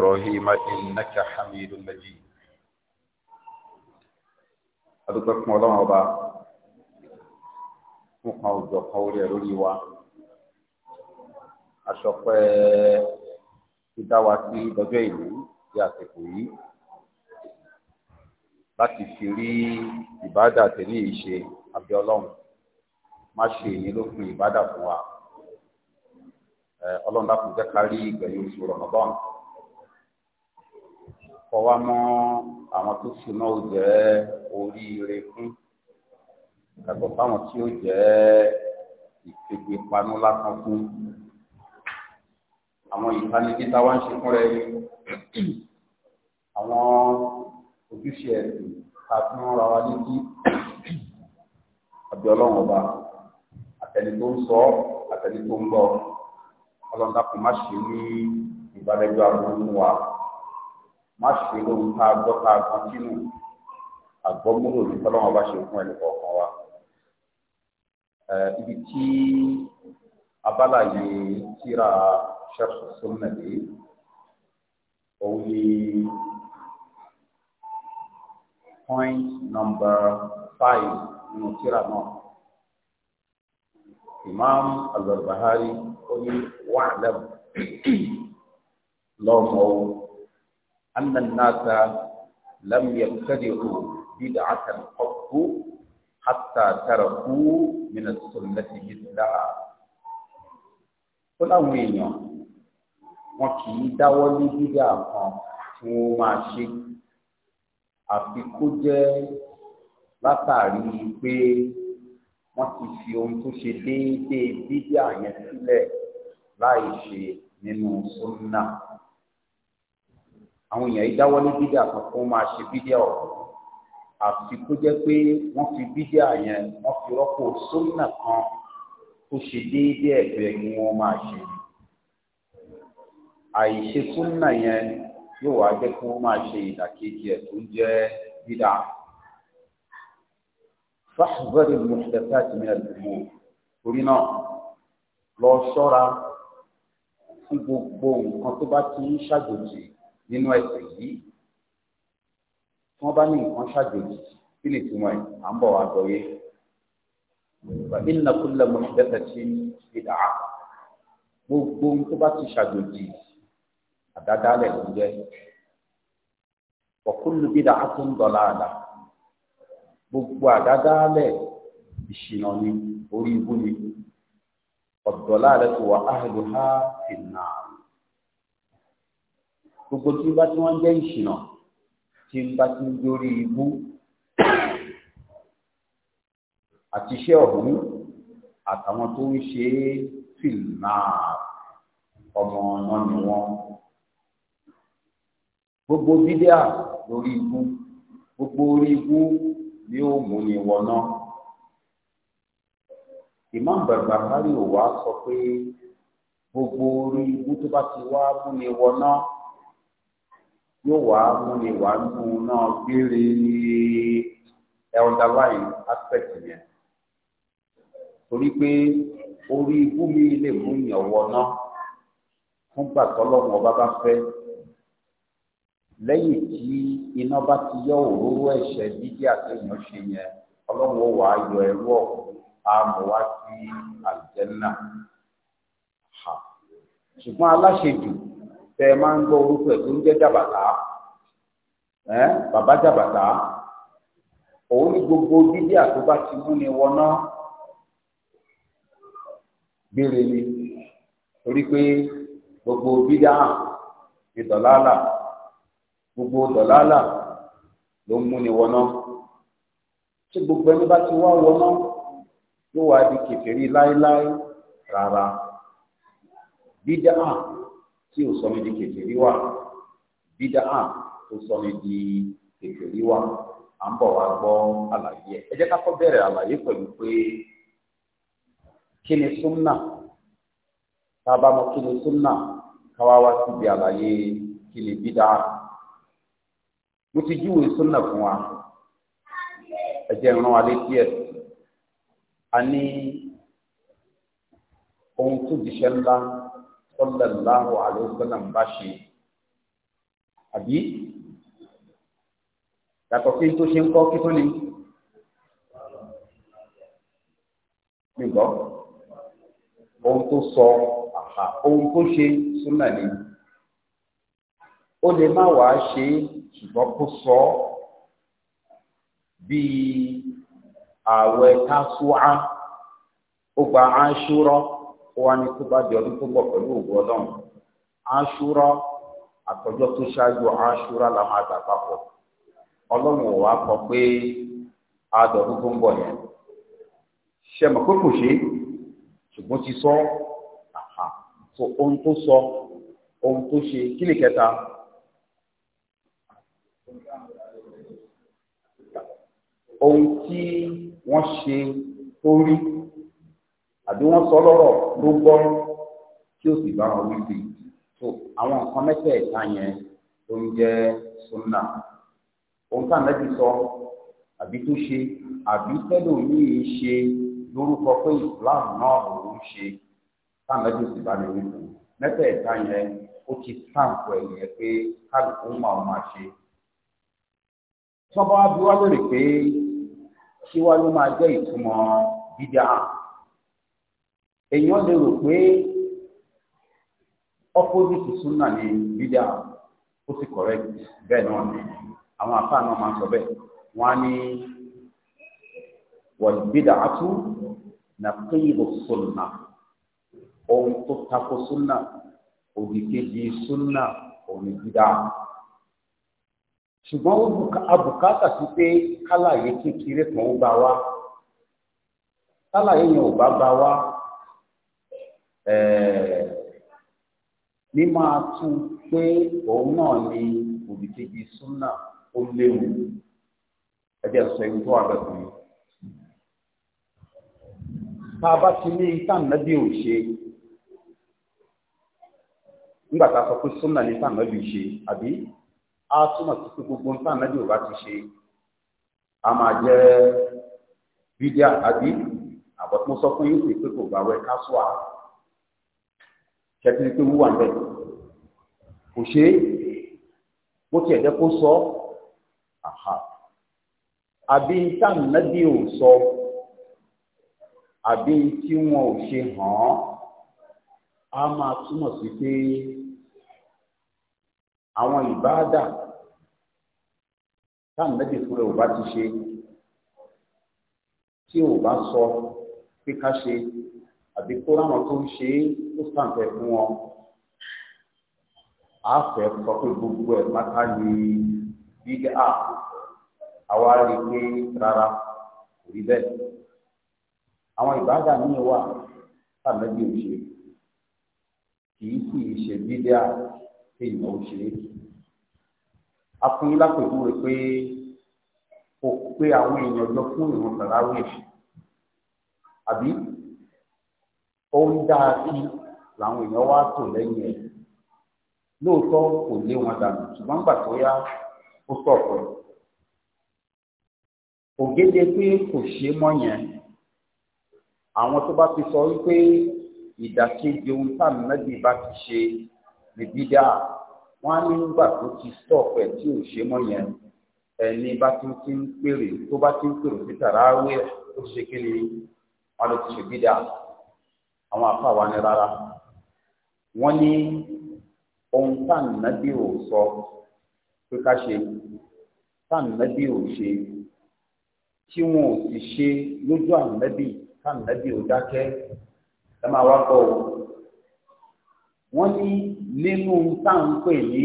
إبراهيم إنك حميد مجيد adúpẹ́ fún ọlọ́run ọba fún kan òjò kan orí ẹ̀rọ yìí wa wa láti fi rí ìbádà tẹ̀lé yìí abẹ́ ọlọ́run má ṣe èyí ló ìbádà fún wa ọlọ́run dákun kọ́ wa mọ́ àwọn tó sì náà ó jẹ́ oríire fún yàtọ̀ fáwọn tí ó jẹ́ ìpègbè panu lásán fún àwọn ìtanijí táwa ń ṣe fúnra ẹni àwọn ojúṣe ẹ̀sìn ká fi ń ra wa létí àbí ọlọ́run ọba àtẹni tó ń sọ àtẹni tó ń gbọ́ ọlọ́run dàpọ̀ má ṣe ní ìbálẹ́jọ́ àbúrò wa má ṣe lóhun tá a gbọ́ tá a gbọ́ sínú àgbọ́múlò ní tọ́lọ́wọ́n bá ṣe fún ẹnì kọ̀ọ̀kan wa. ibi tí abala yìí tíra ṣẹ́fù sọ́nà dé òun ni point number five nínú tíra náà. Imam al ó ní wàhálà lọ́mọ́ أن الناس لم يبتدعوا بدعة قط حتى تركوا من السنة مثلها fúnà àwọn èèyàn wọn kì í dáwọ́ ní dídá kan tí wọ́n máa ṣe àfi kó jẹ́ látàrí pé wọ́n ti fi ohun tó ṣe déédéé dídá yẹn sílẹ̀ láì ṣe nínú sunna àwọn èèyàn yìí dáwọ́ ní bídíà kan kó máa ṣe bídíà ọ̀hún àfi kó jẹ́ pé wọ́n fi bídíà yẹn wọ́n fi rọ́pò sómìnà kan tó ṣe déédéé ẹ̀tọ́ yẹ kí wọ́n máa ṣe àìṣe súnà yẹn yóò wá jẹ́ kí máa ṣe ìdàkejì ẹ̀ tó ń jẹ́ bídà fáṣùgbọ́dẹ̀ mọ̀ṣẹ̀fẹ́ àti mìíràn gbogbo torí náà lọ ṣọ́ra fún gbogbo nǹkan tó bá ti ń ṣàjòjì nínú ẹ̀sìn yìí tí wọ́n bá ní nǹkan ṣàjèjì kí ni ìtumọ̀ ẹ̀ à ń bọ̀ wá gbọ́ yé inna kulla muhdathatin bid'a gbogbo ohun tó bá ti ṣàjòjì àdádálẹ̀ ló jẹ́ wa kullu bid'atin dalalah gbogbo àdádálẹ̀ ìṣìnà ni orí ibú ni ọ̀dọ̀láàlẹ̀ tó wà áhìlú ha ìnà gbogbo tí bá tí wọ́n jẹ́ ìṣìnà tí bá tí ń dórí ibú àti iṣẹ́ ọ̀hún àtàwọn tó ń ṣe é fìlà ọmọ ọ̀nà ni wọ́n gbogbo bídíà lórí ibú gbogbo orí ibú ni ó mú ni wọná Imam Barbahari ò wá sọ pé gbogbo orí ibú tó bá ti wá mú ni wọná yóò wá múni wá nù náà gbére ní elderline aspect yẹn torí pé orí ibú mi lè mú yàn wọ náà fún gbàtọ́lọ́wọ́n ọba bá fẹ́ lẹ́yìn tí iná bá ti yọ òróró ẹ̀ṣẹ̀ dídí àtẹ̀yàn ṣe yẹn ọlọ́run ó wàá yọ ẹrú ọ̀hún àmọ́ wá sí àlùjẹ́nà ṣùgbọ́n aláṣejù. tẹ ẹ máa ń gbọ́ orúkọ ẹ̀ tó ń jẹ́ jàbàtà ẹ bàbá jàbàtà òun ní gbogbo dídí àtúbá ti mú ni wọná gbére ni torí pé gbogbo dídá ìdọ̀lálà gbogbo dọ̀lálà ló mú ni wọná tí gbogbo ẹni bá ti wá wọná yóò wá di láéláé rárá dídá tí ò sọ mí di kèfèrí wà bídà á tó sọ mí di kèfèrí wà à ń bọ̀ wá gbọ́ àlàyé ẹ̀ ẹ jẹ́ ká kọ́ bẹ̀rẹ̀ àlàyé pẹ̀lú pé kí ni súnà tá bá mọ̀ kí ni súnà ká wá wá síbi àlàyé kí ni bídà á mo ti júwe súnà fún wa ẹ jẹ́ rán wa létí ẹ̀ a ní ohun tó jíṣẹ́ ńlá sallallahu alaihi wasallam bá ṣe àbí yàtọ̀ sí tó ṣe ń kọ́ kí tó ní gbígbọ́ ohun tó sọ àhà ohun tó ṣe súnà ni ó lè má wàá ṣe ṣùgbọ́n kó sọ bíi ààwẹ̀ tásúà ó gba aṣúrọ́ ó wá ní tó bá di ọdún tó bọ̀ pẹ̀lú òwú ọlọ́run aṣúra àtọjọ́ tó ṣáájú aṣúra la máa gbà papọ̀ ọlọ́run ò wá kọ pé adọ̀dún tó ń bọ̀ yẹn ṣe mọ̀ pé kò ṣe ṣùgbọ́n ti sọ so ohun tó sọ ohun tó ṣe kí ni kẹta. ohun tí wọ́n ṣe tó rí àbí wọ́n sọ lọ́rọ̀ ló gbọ́ kí ó sì bá wọn wí sí so àwọn nǹkan mẹ́tẹ̀ẹ̀ta yẹn ló ń jẹ́ sunna ohun tá à ń lẹ́bi sọ àbí tó ṣe àbí tẹ́lòmíì ṣe lórúkọ pé islam náà ló ń ṣe tá à ń lẹ́bi sì bá mi wí fún mẹ́tẹ̀ẹ̀ta yẹn ó ti sàǹpù ẹ̀yẹ pé kálukú máa máa ṣe tí wọ́n bá wá bí wá lórí pé ṣé wá ló máa jẹ́ ìtumọ̀ dídá èèyàn lè rò pé opposite sunna ni bídà ó sì correct bẹ́ẹ̀ náà ni àwọn àfáà náà máa sọ bẹ́ẹ̀ wọ́n á ní sunna ohun tó tako sunna sunna òní ṣùgbọ́n abùkátà sí pé kékeré kan wa. mímọ́ atún pé òun náà ni òdìkejì súnà ó léwu ẹjẹ sọ ewu tó wà lẹ́kùn yìí. tá a bá ti ní tànàbí ò ṣe nígbà tá a sọ pé súnà ní ṣe àbí a túmọ̀ sí pé gbogbo tànàbí ò bá ti ṣe a máa bídíà àbí àbọ̀tún sọ fún yín ṣẹ́tìrì pé wúwà ńbẹ kò ṣe é bó tiẹ̀ jẹ́ kó sọ àhà àbí táǹnàbí ò sọ àbí tí wọn ò ṣe hàn án á máa túmọ̀ sí pé àwọn ìbáàdà táǹnàbí fúnra ò bá ti ṣe tí ò bá sọ pé ká ṣe àbí kó ráwọn tó ń ṣe é ó sàǹfẹ̀ fún wọn àfẹ́ sọ pé gbogbo ẹ̀ pátá ni big app àwa rí i pé rárá kò rí bẹ́ẹ̀ àwọn ìbáàdà míì wà tàbí ò ṣe kìí sì ṣe bídíà èèyàn ò ṣe a fún yín lápèjúwe pé kò pé àwọn èèyàn jọ fún ìrun àbí ó ń dá a sí làwọn èèyàn wá tò lẹ́yìn ẹ̀ lóòótọ́ kò lé wọn dànù ṣùgbọ́n nígbà tó yá ó sọ̀kọ̀ ògede pé kò ṣe é mọ́ yẹn àwọn tó bá ti sọ wípé ìdàkejì ohun táàmì mẹ́bí bá ti ṣe ní bídà wọn á ní nígbà tó ti stop ẹ̀ tí ò ṣe mọ́ yẹn ẹni bá tún ti ń pèrè tó bá ti ń pèrè sí tàràwé ó ṣe kí ni wọn ló ti ṣe bídà àwọn àfáà wa ní rárá wọ́n ní ohun táǹnàbí ò sọ pé ká ṣe táǹnàbí ò ṣe tí wọn ò sì ṣe lójú àǹnàbí táǹnàbí ò dákẹ́ ẹ máa wá bọ̀ ọ́ wọ́n ní nínú táǹpẹ̀ ní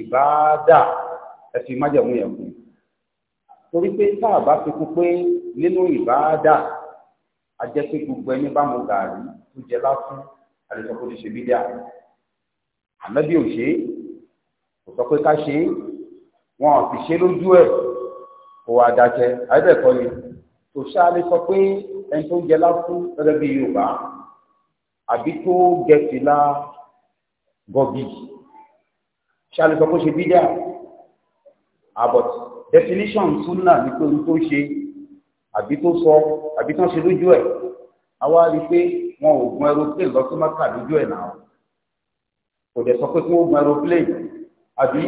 ìbáadà ẹ fi májẹ̀mú yẹn kù torí pé tá a bá fi kú pé nínú ìbáadà ajẹ́ pé gbogbo ẹni bá mu gàrí tó jẹ lásán àlejò kò lè ṣe bí dáa ànábì ò ṣe é kò sọ pé ká ṣe é wọn ò sì ṣe lójú ẹ̀ kò wá dákẹ́ àbẹ̀kọ́ ni kò ṣáálé sọ pé ẹni tó ń jẹ lásán gẹ́gẹ́ bí Yorùbá àbí tó gẹ̀ẹ́sì la gọ̀gì ṣáálé sọ pé ó ṣe bí dáa àbọ̀t definition sunna ni pé ohun tó ṣe àbí tó sọ àbí tó ń ṣe lójú ẹ̀ àwa rí i pé wọn ò gun aeroplane lọ sí maka lójú ẹ̀ náà kò dẹ̀ sọ pé kí wọ́n gun aeroplane àbí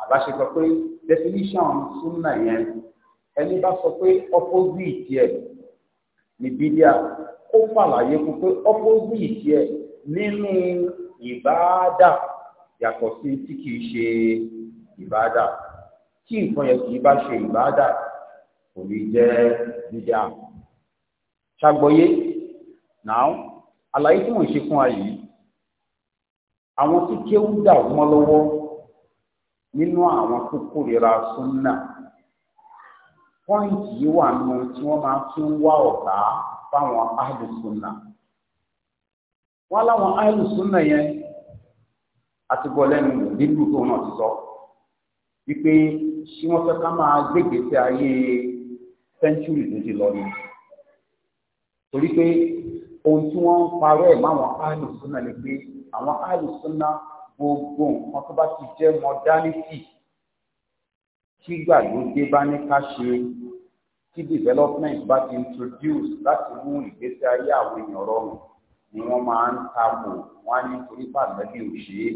àbá ṣe sọ pé definition súnà yẹn ẹni bá sọ pé opposite ẹ̀ ní bídíà ó fàlàyé fún pé opposite ẹ̀ nínú ìbáàdà yàtọ̀ sí tí kìí ṣe ìbáàdà tí nǹkan yẹn kìí bá ṣe ìbáàdà. kò ní jẹ́ dídá ṣàgbọ́yé náà àlàyé tí mò ṣe fún àwọn tí dà lọ́wọ́ nínú àwọn tó kórìíra súnà pọ́ìntì yìí wà nù tí wọ́n máa fi ń wá ọ̀tá fáwọn áìlùsúnà wọ́n láwọn yẹn àti nílùú tó náà sọ wípé wọ́n fẹ́ ká máa sẹ́ńtúrì tó ti lọ ni torí pé ohun tí wọ́n ń parọ́ ẹ̀ máwọn áàlù súnà ni pé àwọn áàlù súnà gbogbo nǹkan tó bá ti jẹ́ mọ́dánítì kígbàlódé bá ní ká ṣe tí development bá ti introduce láti mú ìgbésí ayé àwọn èèyàn rọrùn ni wọ́n máa ń ta bò wọ́n á ní torí pàgbẹ́bí ò ṣe é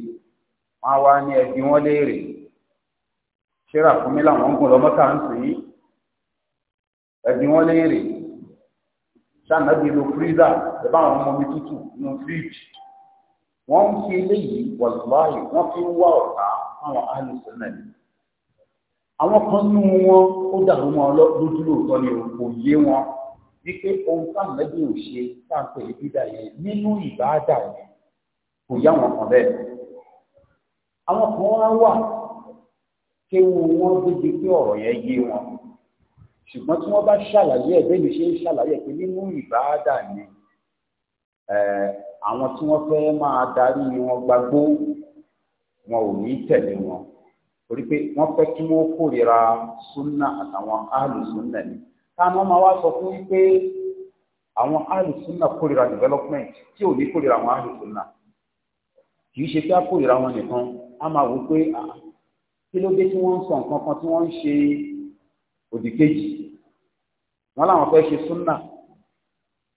wọ́n á wá ní ẹbí wọn léèrè ṣé ràkúnmí làwọn ń gùn lọ́mọ́ta ń sìn yìí ẹbí wọn léèrè ṣàǹdàbí lo fírídà ẹbá àwọn ọmọ mi tútù nínú fíríjì wọn ń fi eléyìí wàlúwàyè wọn fi ń wá ọ̀tá àwọn alùsùnmẹ̀ àwọn kan nú wọn ó dàrú wọn lójú lóòótọ́ ni kò yé wọn wípé ohun ṣàǹdàbí ò ṣe sáǹpẹ̀ ìbídà yẹn nínú ìbáàdà yẹn kò yá wọn kan bẹ́ẹ̀ àwọn kan wá wà kéwu wọn gbégbé pé ọ̀rọ̀ yẹn yé wọn ṣùgbọ́n tí wọ́n bá ṣàlàyé ẹ̀ bẹ́ẹ̀ ni ṣe ń ṣàlàyé pé nínú ìbáàdà ni àwọn tí wọ́n fẹ́ máa darí wọn gbagbó wọn ò ní tẹ̀lé wọn torí pé wọ́n fẹ́ kí wọ́n kórìíra súnà àtàwọn áàlù súnà ni táwọn máa wá sọ fún wípé àwọn áàlù súnà kórìíra development tí ò ní kórìíra àwọn áàlù súnà kì í ṣe pé a kórìíra wọn nìkan a máa wò pé ah, kí ló dé tí wọ́n ń sọ nǹkan kan tí wọ́n ń ṣe òdì kejì wọn làwọn fẹ́ ṣe súnà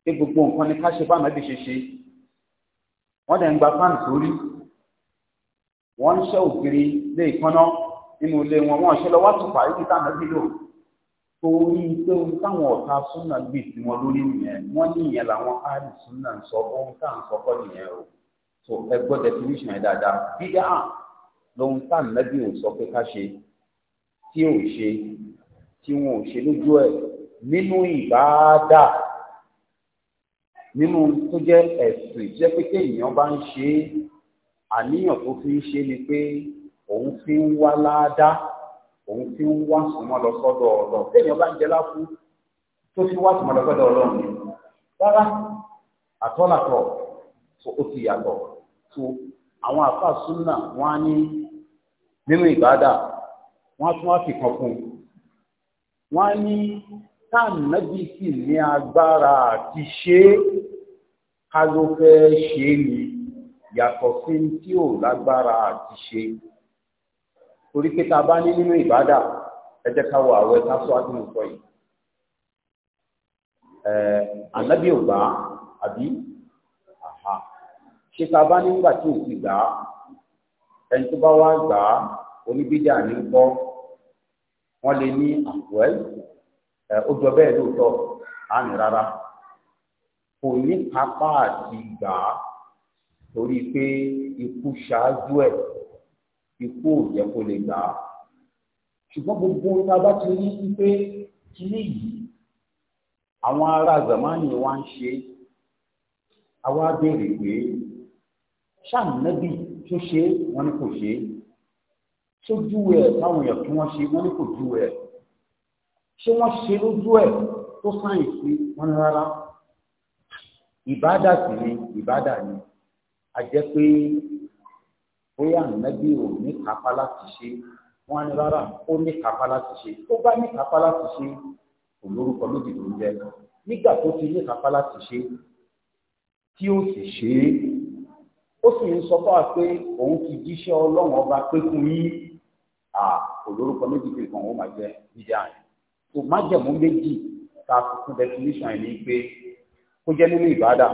pé gbogbo nǹkan ni ká ṣe bá ànábì ṣe ṣe wọn dẹ̀ ń gba fáànù sórí wọn ń ṣe ògiri lé ìkànnà nínú ilé wọn wọn ṣe lọ wá tùpà ibi táwọn ẹbí lò torí pé ohun táwọn ọ̀tá súnà gbè sí wọn lórí nìyẹn wọn ní ìyẹn làwọn áàlì súnà ń sọ ohun tá à ń sọ nìyẹn o so ẹ gbọ́ definition ẹ dáadáa bídà lóhun tá ànábì ò sọ pé ká ṣe tí ò ṣe tí wọn ò ṣe lójú ẹ̀ nínú ìbáadà nínú tó jẹ́ ẹ̀sìn jẹ́ pé kéèyàn bá ń ṣe é àníyàn tó fi ń ṣe ni pé òun fi ń wá láadáa òun fi ń wá súnmọ́ lọ sọ́dọ̀ ọ̀lọ́ kéèyàn bá ń jẹ láfú tó fi wá súnmọ́ lọ sọ́dọ̀ ọ̀lọ́ mi rárá àtọ́làtọ̀ ó ti yàtọ̀ tó àwọn àfáà súnà wọn á ní nínú ìbáadà wọn á tún wá fi kan fún un wọ́n ní táàmì sì ní agbára àti ṣe ká ló fẹ́ ṣe ni yàtọ̀ sí tí ò lágbára àti ṣe torí pé ta bá ní nínú ìbádà ẹ jẹ́ ká wọ àwẹ̀ ká sọ àdúgbò sọ yìí ànábì ò gbà àbí ṣe ta bá nígbà tí ò sì gbà ẹni tó bá wá gbà oníbídà ní kọ́ wọ́n lè ní àwẹ̀l ó jọ bẹ́ẹ̀ lóòótọ́ àmì rárá kò ní kápá àti gbà á torí pé ikú ṣáájú ẹ̀ ikú ò yẹ kó lè gbà á ṣùgbọ́n gbogbo ta bá ti rí i pé kíní yìí àwọn ará zamani wa ń ṣe àwa béèrè pé ṣáà nàbì tó ṣe wọn ni kò ṣe é tó júwe ẹ̀ táwọn èèyàn kí wọ́n ṣe wọ́n ní kò júwe ẹ̀ ṣé wọ́n ṣe lójú ẹ̀ tó sáyìn sí wọn rárá ìbádà sì ni ìbádà ni a jẹ́ pé bóyá ànábì ò ní kápá láti ṣe wọn ní rárá ó ní kápá láti ṣe tó bá ní kápá láti ṣe kò lórúkọ méjì tó ń jẹ nígbà tó ti ní kápá láti ṣe tí ó sì ṣe é ó sì ń sọ fún wa pé òun ti jíṣẹ́ ọlọ́run ọba pé fún yín kò lórúkọ méjì pé nǹkan ó máa jẹ dídá yẹn tó májẹ̀mú méjì ta fún definition ẹ̀ ní pé kó jẹ́ nínú ìbádà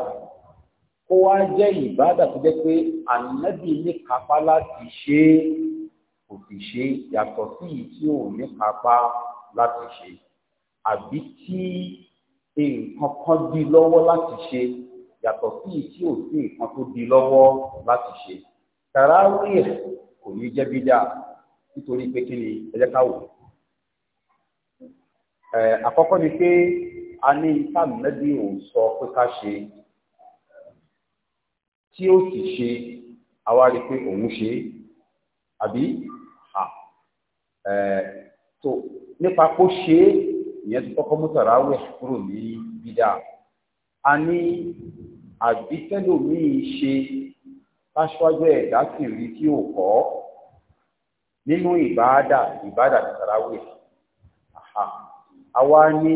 kó wá jẹ́ ìbádà tó jẹ́ pé ànábì ní kápá láti ṣe é kò sì ṣe yàtọ̀ sí ìyí tí ò ní kápá láti ṣe àbí tí nǹkan kan di lọ́wọ́ láti ṣe yàtọ̀ sí ìyí tí ò sí nǹkan tó di lọ́wọ́ láti ṣe tàràwí kò ní jẹ́ bídà nítorí pé kí ni ẹ jẹ́ ká wò. àkọ́kọ́ ni pé a ní ipa mẹ́bí ò sọ pé ká ṣe tí ó sì ṣe àwa rí i pé òun ṣe é àbí tó nípa kó ṣe é ìyẹn ti kọ́kọ́ mú tàràwẹ̀ kúrò ní bídà a ní àbítẹ́lòmíì ṣe táṣíwájú ẹ̀dá sì rí tí ò kọ́ ọ́ nínú ìbáadà ìbáadà ní sàráwì àhà àwa ní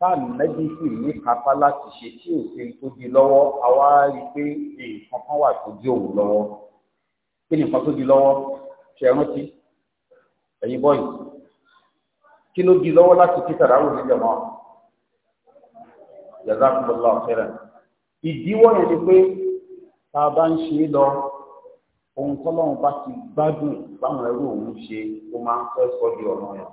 táàmẹ́bí sì ní kápá láti ṣe tí ò ṣe tó di lọ́wọ́ àwa rí i pé nǹkan kan wà tó di òun lọ́wọ́ kí nǹkan tó di lọ́wọ́ ṣe rántí ẹ̀yin bọ́ọ̀lù kí ló di lọ́wọ́ láti kí sàráwì níjọ mọ́ jazakumullahu khairan ìdíwọ́ yẹn ni pé tá a bá ń ṣe é lọ ohun tọ́lọ́run bá ti gbádùn báwọn ẹrú òun ṣe ó máa ń fẹ́ sọ di ọ̀ràn yẹn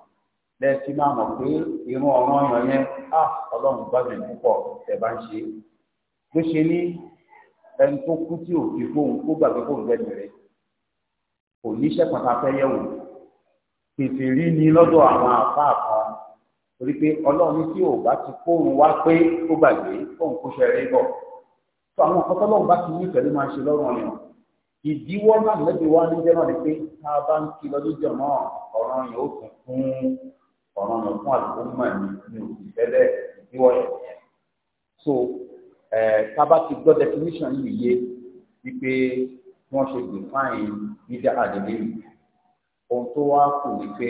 lẹ́ẹ̀tì máa mọ̀ pé irun ọ̀ràn yẹn yẹn á ah, ọlọ́run gbádùn púpọ̀ tẹ̀ bá ń ṣe ló ṣe ní ẹni tó kú tí ò fi fóun kó gbàgbé fóun gbẹ̀mí rẹ̀ kò níṣẹ́ kan tá a pèsè rí ni lọ́dọ̀ àwọn àfáà kan torí pé ọlọ́run tí ò bá ti fóun wá pé kó gbàgbé fóun kó ṣe rẹ́ bọ̀ tó àwọn ọ̀pọ̀lọ́run bá ti ní ìfẹ́ ló máa ṣe lọ́rùn ìdíwọ́ náà lẹ́bi wá níjẹ́ náà ni pé tá a bá ń kí lọ lójú ọ̀nà ọ̀ràn yẹn ó kún fún ọ̀ràn yẹn fún àdúgbò mọ̀ ní ní òkú ìdíwọ́ yẹn. so tá a bá ti gbọ́ definition yìí yé wípé wọ́n ṣe define níjà àdìlẹ́ yìí ohun tó wá kù ni pé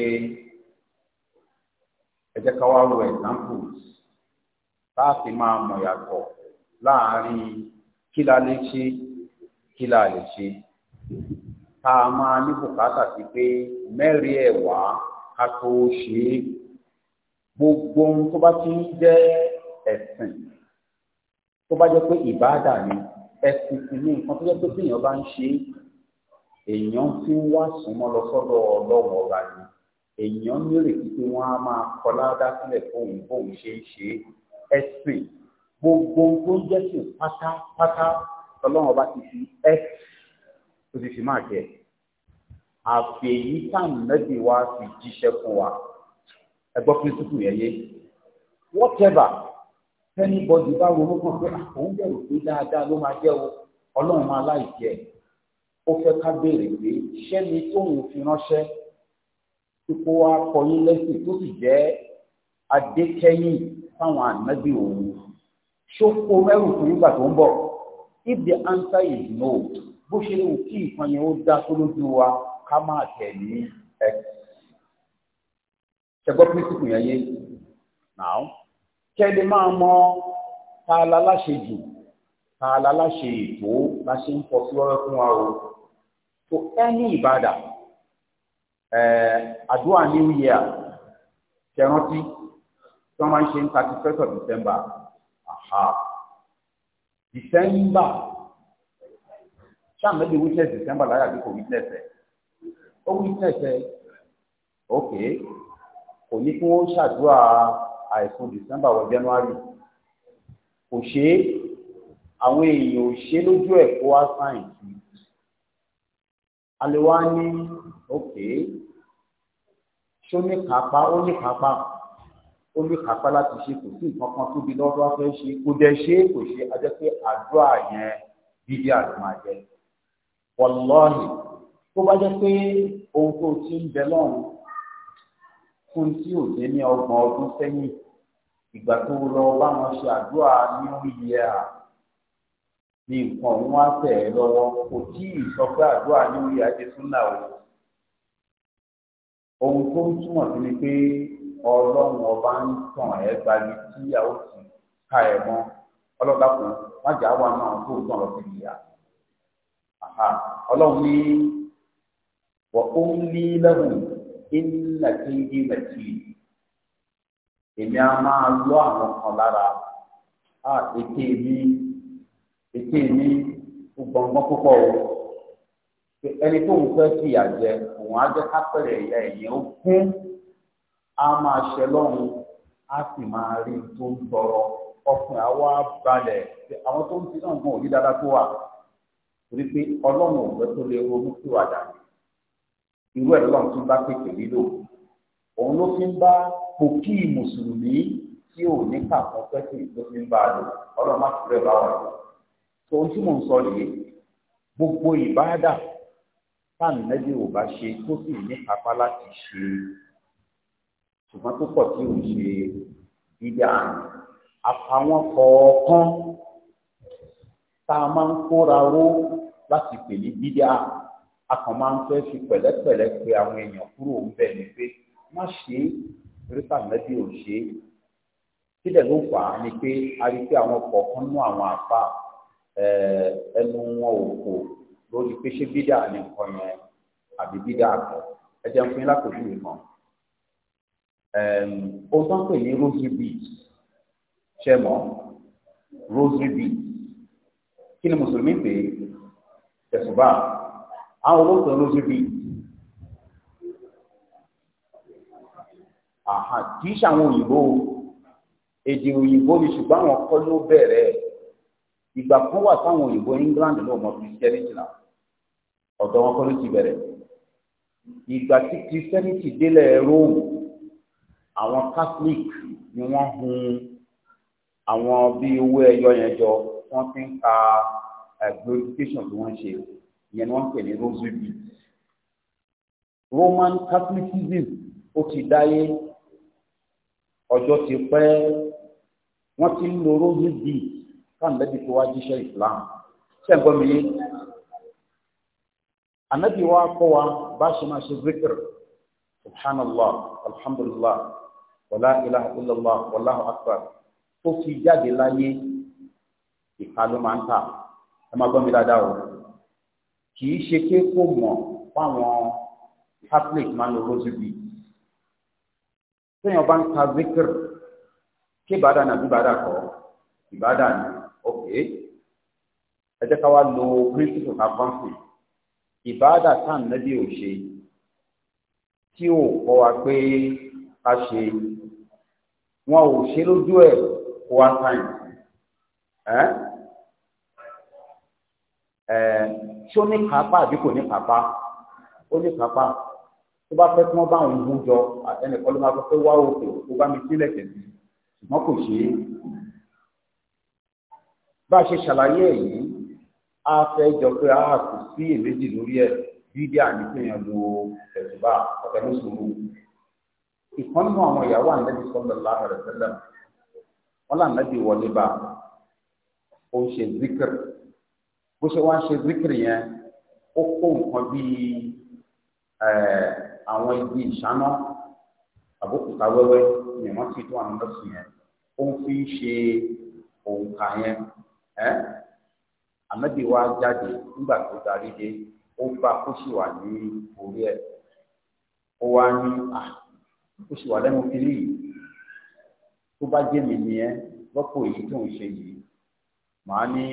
ẹ jẹ́ ká wá wo examples láti máa mọ̀ yàtọ̀ láàárín kí la lè ṣe kí la lè ṣe tá a máa ní bùkátà sí pé mẹ́rin ẹ̀ ká tó ṣe é gbogbo ohun tó bá ti ń jẹ́ ẹ̀sìn tó bá jẹ́ pé ìbáàdà ni ẹ̀sìn sì ni nǹkan tó jẹ́ pé tí èèyàn bá ń ṣe èèyàn ti ń wá súnmọ́ lọ sọ́dọ̀ ọlọ́run ọba ni èèyàn nírètí pé wọ́n á máa kọlá dá sílẹ̀ fóun bóun ṣe ń ṣe ẹ̀sìn gbogbo ohun tó ń jẹ́ sìn pátápátá tọ́lọ́wọ́n bá ti fi x tó ti fi máa jẹ àfẹ̀yí tàǹdẹ́bì wa fi jíṣẹ́ fún wa ẹ gbọ́ pírísìpù yẹn yé whatever anybody bá ronú kan pé àwọn bẹ̀rù pé dáadáa ló máa jẹ́ o ọlọ́run máa láì jẹ́ ó fẹ́ ká béèrè pé iṣẹ́ mi tóun fi ránṣẹ́ tí kò wá kọ yín lẹ́sìn tó sì jẹ́ adékẹ́yìn fáwọn ànábì òun ṣó kó mẹ́rù fún nígbà tó ń bọ̀ if the answer is no bó ṣe lè wù kí nǹkan yẹn ó dá tó lójú wa ká máa tẹ̀ ní x. ṣẹgbọ́n pírísìpù yẹn yé náà kẹ́lẹ́ máa mọ ta láṣẹ jù ta láṣẹ ètò la ń fọ sí ọ̀rọ̀ fún wa o so any ìbàdà eh, àdúrà new year ṣẹrántí tí wọ́n máa ń ṣe ní thirty first of December. Aha. December ṣáà mẹ́bí witness December láyà bí kò witness ẹ̀ ó witness ẹ̀ ok kò ní kí wọ́n ṣàdúrà àìsàn December wọ January kò ṣe é àwọn èèyàn ò ṣe lójú ẹ̀ kó wá sáyìn sí alẹ́ wá ní ok ṣó ní kápá ó ní kápá ó lè kápá láti ṣe kò sí nǹkan kan tóbi lọ́dọ́ fẹ́ ṣe kó dẹ̀ ṣe kò ṣe a jẹ́ pé àdúrà yẹn dídí àdúrà jẹ wọlọ́ọ̀nì tó bá jẹ́ pé ohun tó ti ń bẹ lọ́run fún tí ò dé ní ọgbọ̀n ọdún sẹ́yìn ìgbà tó lọ bá ṣe àdúrà new year ni nǹkan òun wá tẹ̀ ẹ́ lọ́wọ́ kò tí ì sọ pé àdúrà new year ti tún náà o ohun tó ń túmọ̀ sí ni pé. ọlọ́run ọba ń tàn ẹ́ gbali tí a ó sì ká ẹ mọ́ ọlọ́dà kù májà wà náà tó tàn lọ sí ìyá ọlọ́run ní wọ́n ó ń ní lẹ́hùn iná tí ń dín mẹ́tì èmi á máa lọ àwọn kan lára mi mi púpọ̀ o ẹni tó ń fẹ́ a máa ṣẹ lọ́run a sì máa rí tó ń tọrọ ọkùnrin àwa balẹ̀ àwọn tó ń ti náà gan òní dáadáa tó wà torí pé ọlọ́run òwe tó lè ronú sí wàdà irú ẹ̀ lọ́run tún bá pèsè lílò òun ló fi ń bá pòkí mùsùlùmí tí ò ní kàkún pẹ́sì ló fi ń bá a lò ọlọ́run má fi rẹ̀ bá wà lò tó ohun tí mò ń sọ nìyí gbogbo ìbáàdà táà nẹ́bí ò bá ṣe tó sì ní apá láti ṣe ṣùgbọ́n púpọ̀ tí ò ṣe dídá àfàwọn kọ̀ọ̀kan tá a máa ń kóra ró láti pè ní dídá a kàn máa ń fẹ́ fi pẹ̀lẹ́pẹ̀lẹ́ pe àwọn èèyàn kúrò ń bẹ̀ ni pé má ṣe é rípa mẹ́bí ò ṣe é sílẹ̀ ló fà á ni pé a rí pé àwọn kọ̀ọ̀kan nú àwọn àfa eh, ẹnu wọn ò kò lórí pé ṣé bídà nìkan yẹn àbí bídà kan ẹ jẹun fún yín lákòókò nìkan ó tán pè ní rosary beads ṣe mọ́ rosary beads kí ni mùsùlùmí pè é ẹ̀sùnbà àwọn olóòtú rosary beads àhà kì í ṣàwọn òyìnbó èdè òyìnbó ni ṣùgbọ́n àwọn kọ́ ló bẹ̀rẹ̀ ìgbà kan wà táwọn òyìnbó England ló mọ Christianity náà ọ̀dọ̀ wọn kọ́ ló ti bẹ̀rẹ̀ ìgbà tí Christianity délẹ̀ Rome àwọn catholic ni wọ́n hun àwọn bíi owó ẹyọ yẹn jọ wọ́n fi ń ka glorification tí wọ́n ṣe ìyẹn ni wọ́n pè ní rosary bead roman catholicism ó ti dáyé ọjọ́ ti pẹ́ wọ́n ti ń lo rosary bead káwọn lẹ́bi tó wá jíṣẹ́ islam ṣé ẹ̀ gbọ́ mi yé anabi wa kọ́ wa bá ṣe máa ṣe zikr subhanallah alhamdulillah wàlá ilaha illallah wàláhu akbar tó fi jáde láyé ìka ló máa ń tà ẹ máa gbọ́ mi dáadáa o kì í ṣe pé kó mọ̀ fáwọn catholic máa ń lo rosary bíi téèyàn bá ń ka zikr kí ìbádà nàbí ìbádà kọ ìbádà ni ok ẹ jẹ́ ká wá lo principle ká kọ́ńtì ìbádà táà nàbí ò ṣe tí ò kọ́ wa pé ká ṣe wọn ò ṣe lójú ẹ̀ wá sáyìn ẹ́ ẹ́ ṣé ó ní kápá àbí kò ní kápá ó ní kápá tó bá fẹ́ kí wọ́n bá òun mú jọ ẹnìkan ló máa fẹ́ wá òkè tó bá mi sílẹ̀ kẹ̀sì ṣùgbọ́n kò ṣe é bá a ṣe ṣàlàyé ẹ̀ yìí a fẹ́ jọ pé a kò sí èméjì lórí ẹ̀ bídíà ní kéèyàn lo ẹ̀sùn bá ọ̀tẹ̀ mùsùlùmí. ìkan nù àwọn ìyàwó ànábì sallallahu alaihi wasallam wọn làǹdẹ́bí wọlé bá ó ń ṣe zikiri bó ṣe wá ń ṣe zikiri yẹn ó kó nǹkan bíi àwọn igi ìṣáná àbókùtà wẹ́wẹ́ ni wọ́n ti tó àwọn yẹn ó ń fi ṣe òǹkà yẹn wa jáde nígbà tó darí dé ó bá kó sì wà ní orí ẹ̀ ah, ó sì wà lẹ́nu kiri yìí tó bá jẹ́ mi nìyẹn lọ́pọ̀ èyí tó ń ṣe yìí màá ní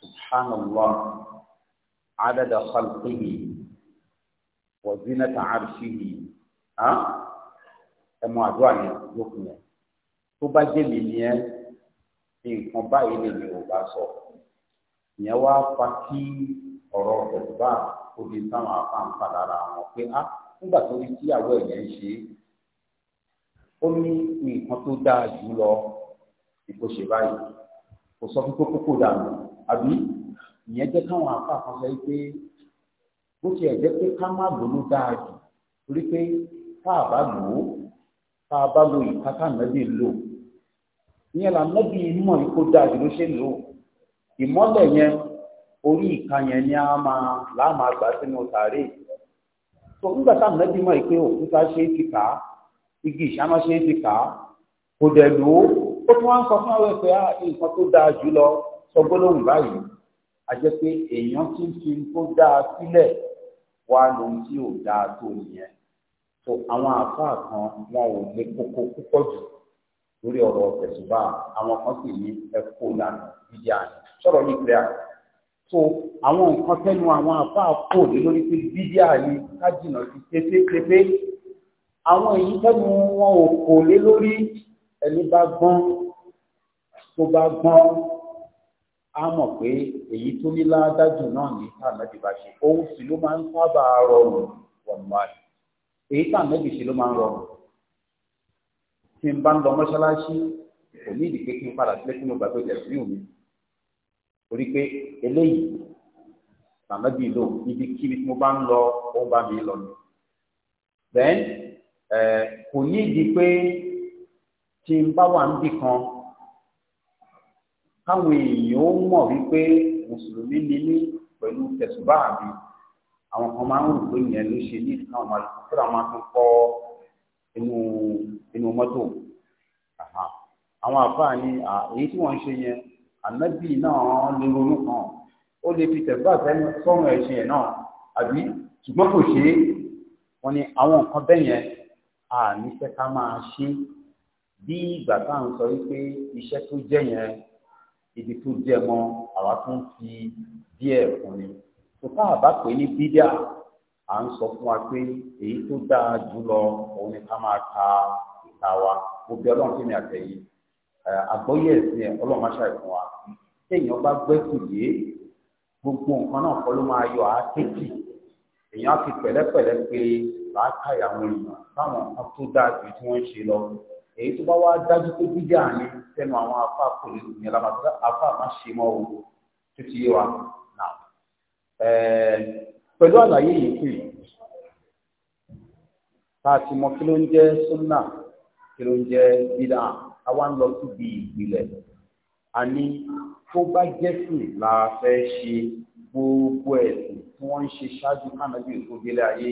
subhanallah adada khalqihi wa zinata arshihi ẹ mọ àdúrà yẹn lókun yẹn tó bá jẹ́ mi nìyẹn nǹkan báyìí lèmi ò bá sọ ìyẹn wá fa kí ọ̀rọ̀ ẹ̀dùbà ó di táwọn afáǹfà lára wọn pé á nígbà tó rí tíyàwó ẹ̀yẹ ń ṣe é ó ní nǹkan tó dáa jù lọ ìkó ṣe báyìí kò sọ fún kókókó dànù àbí ìyẹn jẹ́ káwọn àpá kan sọ pé bó tiẹ̀ jẹ́ pé ká má lò dáa jù torí pé tá a bá lò ó tá a bá lo ìka tá a nàbí lò ìyẹn là nàbí mọ̀ ìkó dáa jù ló ṣe lò ó ìmọ́lẹ̀ yẹn orí ìka yẹn ni a máa láàmà gbà sínú sàárè tó nígbà tá a nàbí mọ̀ ìpé òkúta ṣe é ti kà á igi ìṣámáṣe ti kà á kò dẹ̀ lò ó ó tún wá ń sọ fún àwọn ẹ̀fẹ́ ah, nǹkan tó dáa jù lọ sọ gbólóhùn báyìí a jẹ́ pé èèyàn ti ń fi tó dáa sílẹ̀ wá lóhun tí ò dáa tó nìyẹn tó àwọn àfáà kan wọn ò lè kókó púpọ̀ jù lórí ọ̀rọ̀ tẹ̀sùbà àwọn kan sì ní ẹ̀kọ́ lànà jíjà sọ̀rọ̀ ní ìpìlẹ̀ àná so àwọn nǹkan tẹnu àwọn àfáà kò lé lórí pé jíjà yìí ká jìnnà sí pépépépé àwọn èyí tẹ́nu wọn ò kò lé lórí ẹni bá gbọ́n tó bá gbọ́n á mọ̀ pé èyí tó ní ládájú náà ní tànàbí bá ṣe òun sì ló máa ń sábà rọrùn wọ̀nùmá èyí tànàbí ṣe ló máa ń rọrùn tí n bá ń lọ mọ́ṣáláṣí kò ní ìdí pé kí n padà sílé kí mo gbà tó jẹ̀rù yìí mi torí pé eléyìí tànàbí lò níbi kíbi tí mo bá ń lọ ó bá mi lọ ni kò ní ìdí pé tí n bá wà níbì kan káwọn èèyàn ó mọ̀ wípé mùsùlùmí ni mí pẹ̀lú tẹ̀sùbá mi àwọn kan máa ń rò pé ìyẹn ló ṣe ní ìdíkan àwọn àlùfáà máa tún kọ́ inú mọ́tò àwọn àfáà ni èyí tí wọ́n ń ṣe yẹn ànábì náà lè ronú kan ó lè fi tẹ̀sùbá sọ́run ẹ̀ṣin ẹ̀ náà àbí ṣùgbọ́n kò ṣe é wọ́n ní àwọn nǹkan bẹ́ẹ̀ yẹn àníṣẹ́ ká máa ṣe bí ìgbà tá à ń sọ wípé iṣẹ́ tó jẹ́ yẹn ibi tó jẹ́ mọ́ àwa tó ń fi díẹ̀ fún ni tó tá a bá pè ní bídà à ń sọ fún wa pé èyí tó dáa jùlọ òun ni ká máa ta ìta wa gbogbo ọlọ́run fún mi àtẹ̀yìn àgbọ́yé ẹ̀sìn ẹ̀ ọlọ́run máa ṣàì fún wa téèyàn bá gbẹ́sùn yé gbogbo nǹkan náà kọ́ ló máa yọ àákéjì èèyàn á fi pẹ̀lẹ́pẹ̀lẹ́ pé làákàyà àwọn èèyàn táwọn kan tó dáa ju tí wọ́n ń ṣe lọ èyí tó bá wá dájú pé bíjà ní sẹ́nu àwọn afá kò lè ní alábàtà afá má ṣe mọ́ o tó ti yé wa náà pẹ̀lú àlàyé yìí pé tá a ti mọ kí ló ń jẹ́ súnà kí ló ń jẹ́ bídà àwa ń lọ síbi ìpìlẹ̀ àní tó bá jẹ́ sìn la fẹ́ ṣe gbogbo ẹ̀sìn tí wọ́n ń ṣe ṣáájú kánàbí òkú ayé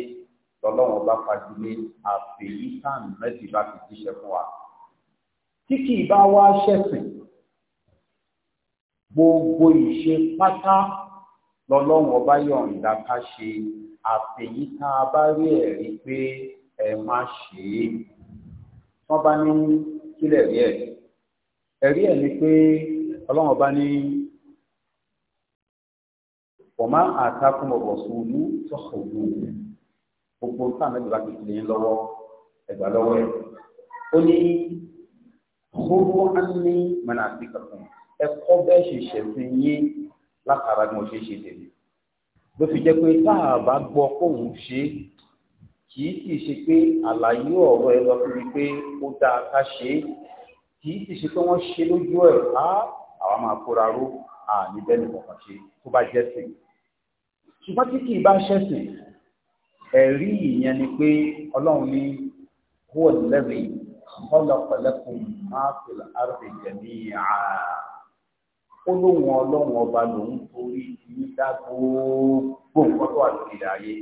tọ́lọ́wọ́n bá fagilé àfèyí tán mẹ́tì bá fi jíṣẹ́ fún wa. tí kì í bá wá ṣẹ̀sìn gbogbo ìṣe pátá lọ́lọ́wọ́n bá yọ̀ǹda ká ṣe àfèyí tá a bá rí ẹ̀rí pé ẹ má ṣe é. wọ́n bá ní kílẹ̀ rí ẹ̀. ẹ̀rí ẹ̀ ni pé ọlọ́wọ́n bá ní ọ̀ma àtàkùn ọ̀rọ̀ sùúrù tó ṣòwò rẹ̀ gbogbo sáà mẹ́jọ bá kékeré yín lọ́wọ́ ẹgbà lọ́wọ́ ẹ̀ ó ní gbogbo á ní mẹ́nà àti kankan ẹ̀kọ́ bẹ́ẹ̀ ṣe ṣẹ̀sìn yín látara bí mo ṣe ṣe tẹ̀lé ló fi jẹ́ pé tá a bá gbọ́ kóun ṣe kì í sì ṣe pé àlàyé ọ̀rọ̀ ẹ lọ síbi pé ó dáa ká ṣe é kì í sì ṣe pé wọ́n ṣe lójú ẹ̀ á àwa máa kóra ró àní bẹ́ẹ̀ nìkan kan ṣe tó bá jẹ́ sìn ṣùgbọ́n tí kì í bá ṣẹ̀sìn ẹ̀rí ìyẹn ni pé ọlọ́run ní huwa alladhi khalaqa lakum ma fil ardi jami'a ó lóun ọlọ́run ọba lòun torí ní dá gbogbo nǹkan tó wà lórí ilẹ̀ ayé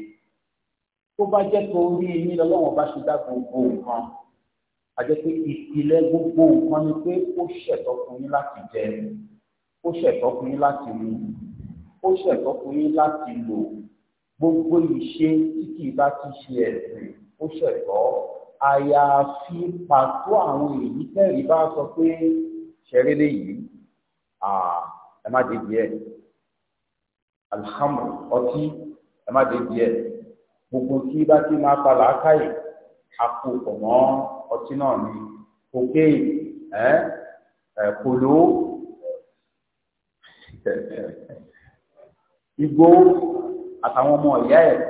tó bá jẹ́ torí yín lọ́wọ́ bá ṣe dá gbogbo nǹkan a jẹ́ pé ìpìlẹ̀ gbogbo nǹkan ni pé ó ṣẹ̀tọ́ fún yín láti jẹ ó ṣẹ̀tọ́ fún yín láti mu ó ṣẹ̀tọ́ fún yín láti lò gbogbo ìṣe tí kì í bá ti ṣe ẹ̀sìn ó ṣẹ̀tọ́ àyàfi pàtó àwọn èyí tẹ̀rí bá sọ pé ṣẹ̀rẹ́lẹ̀ yìí ẹ má dé díẹ̀ alhamdu ọtí ẹ má dé díẹ̀ gbogbo tí bá ti máa pa làákàyè àpò pọ̀ mọ́ ọtí náà ni kokéè ẹ ẹ kòló igbó àtàwọn ọmọ ìyá ẹ̀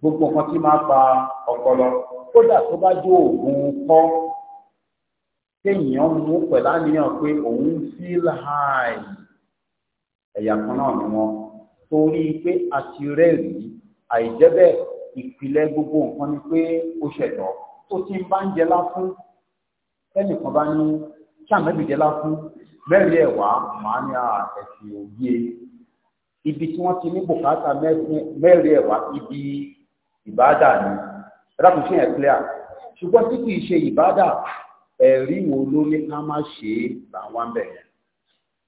gbogbo nǹkan tí máa pa ọpọlọ kódà tó bá jó oògùn kọ́ kéèyàn mú pẹ̀lú àníyàn pé òun feel high ẹ̀yà kan náà ni wọ́n torí pé a ti rẹ́rìí àìjẹ́bẹ̀ ìpìlẹ̀ gbogbo nǹkan ni pé ó ṣẹ̀tọ́ tó ti ń bá ń jẹlá fún ẹnìkan bá ní ṣàmẹ́bìjẹlá fún mẹ́rin ẹ̀wà màá ní àẹ̀sìn òye ibi tí wọ́n ti ní bùkátà mẹ́rin ẹ̀wà ibi ìbádà ni rákùn sí ẹ̀ clear ṣùgbọ́n tí kìí ṣe ìbádà ẹ̀rí wo ló ní ká má ṣe é làwọn bẹ̀rẹ̀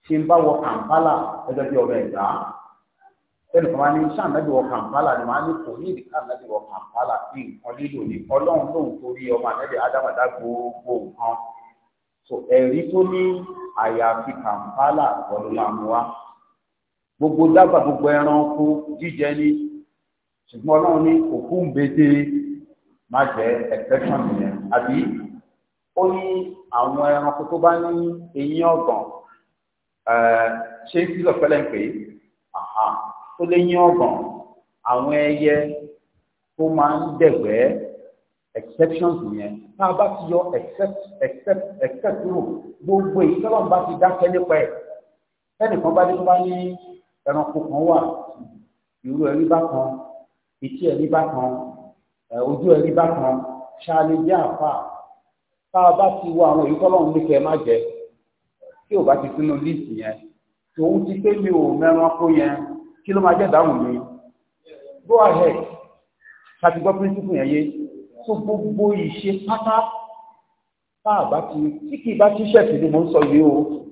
ṣe ń bá wọ Kampala ẹgbẹ́ bí ọmọ ẹ̀dá ẹnì kan wá ní sáà nàbí wọ Kampala ni wọ́n á ní kò ní ìdí sáà nàbí wọ Kampala bí nǹkan lílò ní ọlọ́run lóhùn torí ọmọ àtẹ́bí adámadá gbogbo nǹkan so ẹ̀rí tó ní àyàfi Kampala ọ̀dọ́ máa mú wa gbogbo dábàá gbogbo ẹranko jíjẹ ní ṣùgbọ́n ọlọ́run ní òkú ń bété má jẹ́ exception nìyẹn àbí ó ní àwọn ẹranko tó bá ní eyín ọ̀gàn eh, ṣé ń sílọ̀ fẹ́lẹ̀ ń pè é tó léyín ọ̀gàn àwọn ẹyẹ tó máa ń dẹ̀gbẹ́ exceptions nìyẹn tá a bá ti yọ except except except rule gbogbo èyí tọ́lọ́mù bá ti dákẹ́ nípa ẹ̀ tẹ́nìkan bá dé tó bá ní ẹranko kan wà irú ẹ̀rí bá kan etí ẹ̀rí bá kan ojú ẹ̀rí bá kan ṣáálẹ̀ jẹ́ àfà tá a bá ti wo àwọn èyí tọ́lọ́run ní kẹ́ ẹ má jẹ tí ò bá ti sínú líìsì yẹn tòun ti pé mi ò mẹ́ranko yẹn kí ló máa jẹ́ ìdáhùn mi go ahead láti gbọ́ píríncípù yẹn yé tó gbogbo ìṣe pátá tá a bá ti tí kì í bá ti ni mo ń sọ yìí o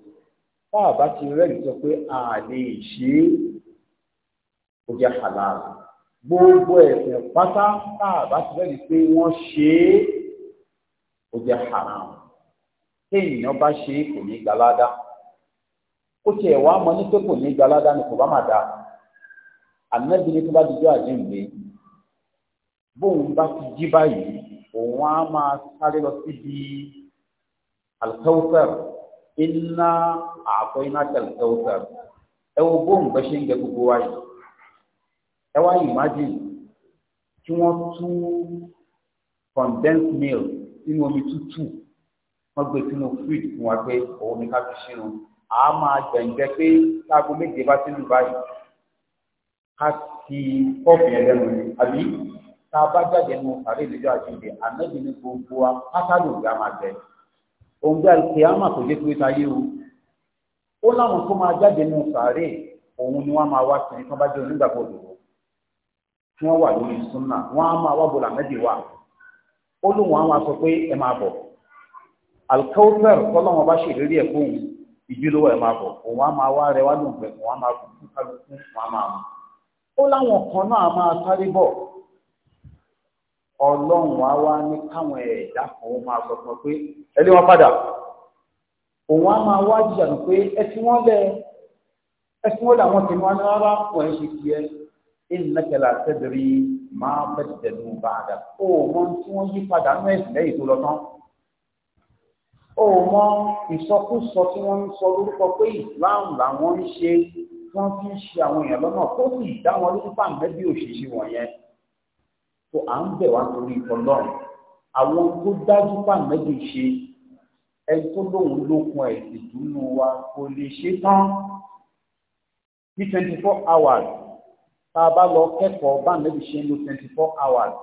tá a bá ti rẹ́rìí sọ pé a lè ṣe é ó jẹ́ halal gbogbo ẹ̀sìn pátá tá a bá ti rẹ́rìí pé wọ́n ṣe é ó jẹ́ haram téèyàn bá ṣe é kò ní gbalada ó tiẹ̀ wá mọ ní pé kò ní gbalada ni kò bá má dáa ànábi ni tó bá dijọ́ àjíǹde bóun bá ti jí báyìí òun á máa sáré lọ síbi alkawusar iná àkọ́ iná tẹ̀lẹ́tẹ̀wọ́tà ẹ wo bóun bẹ́ ṣe ń jẹ gbogbo wa yìí ẹ wá condensed milk sínú omi tútù wọ́n gbé sínú fridge fún wa pé òun ni ká fi sínú a máa gbẹ̀ǹgbẹ́ pé káàgó méje bá sínú báyìí ká ti kọ́ọ̀fù yẹn ni àbí tá a bá jáde nù sàrẹ́ ìlú àti ìdè ànágbé ní gbogbo apátálù ìgbà máa bẹ̀rẹ̀ òun gbé alùpùpù kò jẹ́ pé táyé o ó láwọn tó máa jáde nù sàárè òun ni wọ́n máa wá sí ní tọ́bajẹ́ onígbàgbọ́ òdòdó tí wọ́n wà lórí súnà wọ́n á máa wá bọ̀lá mẹ́bí wa ó lóun á máa sọ pé ẹ máa bọ̀ alkawfer kọ́lọ́wọ́n bá ṣèlérí ẹ̀ fóun ìjúlówó ẹ̀ máa bọ̀ òun á máa wá rẹ wá lóun pẹ̀ òun á máa kú kálukú òun á máa mú ó láwọn kan náà máa sáré bọ̀ ọlọ́run wa wá ní káwọn ẹ̀dá kan ó máa sọ fún ọ pé ẹ lé wọn padà òun á máa wá jìyà nù pé ẹ fi wọ́n lẹ̀ ẹ fi wọ́n lẹ̀ àwọn tèmi wọn rárá wọn ẹ ṣe kí ẹ innaka la tadri ma baddalu ba'da ó mọ tí wọ́n yí padà nú ẹ̀sìn lẹ́yìn tó lọ tán ó mọ ìsọkúsọ tí wọ́n ń sọ lórúkọ pé ìsìláàmù làwọn ń ṣe tí wọ́n fi ń ṣe àwọn èèyàn lọ́nà tó sì dá wọn lójú pàǹdẹ́bí òṣìṣẹ́ wọ̀nyẹn tó à ń bẹ̀ wá torí ọlọ́run àwọn tó dájú pàmẹ́jì ṣe ẹni tó lóun lókun ẹ̀ ìdùnnú wa kò lè ṣe tán ní twenty four hours tá a bá lọ kẹ́kọ̀ọ́ bá mẹ́bí ṣe ń lo twenty four hours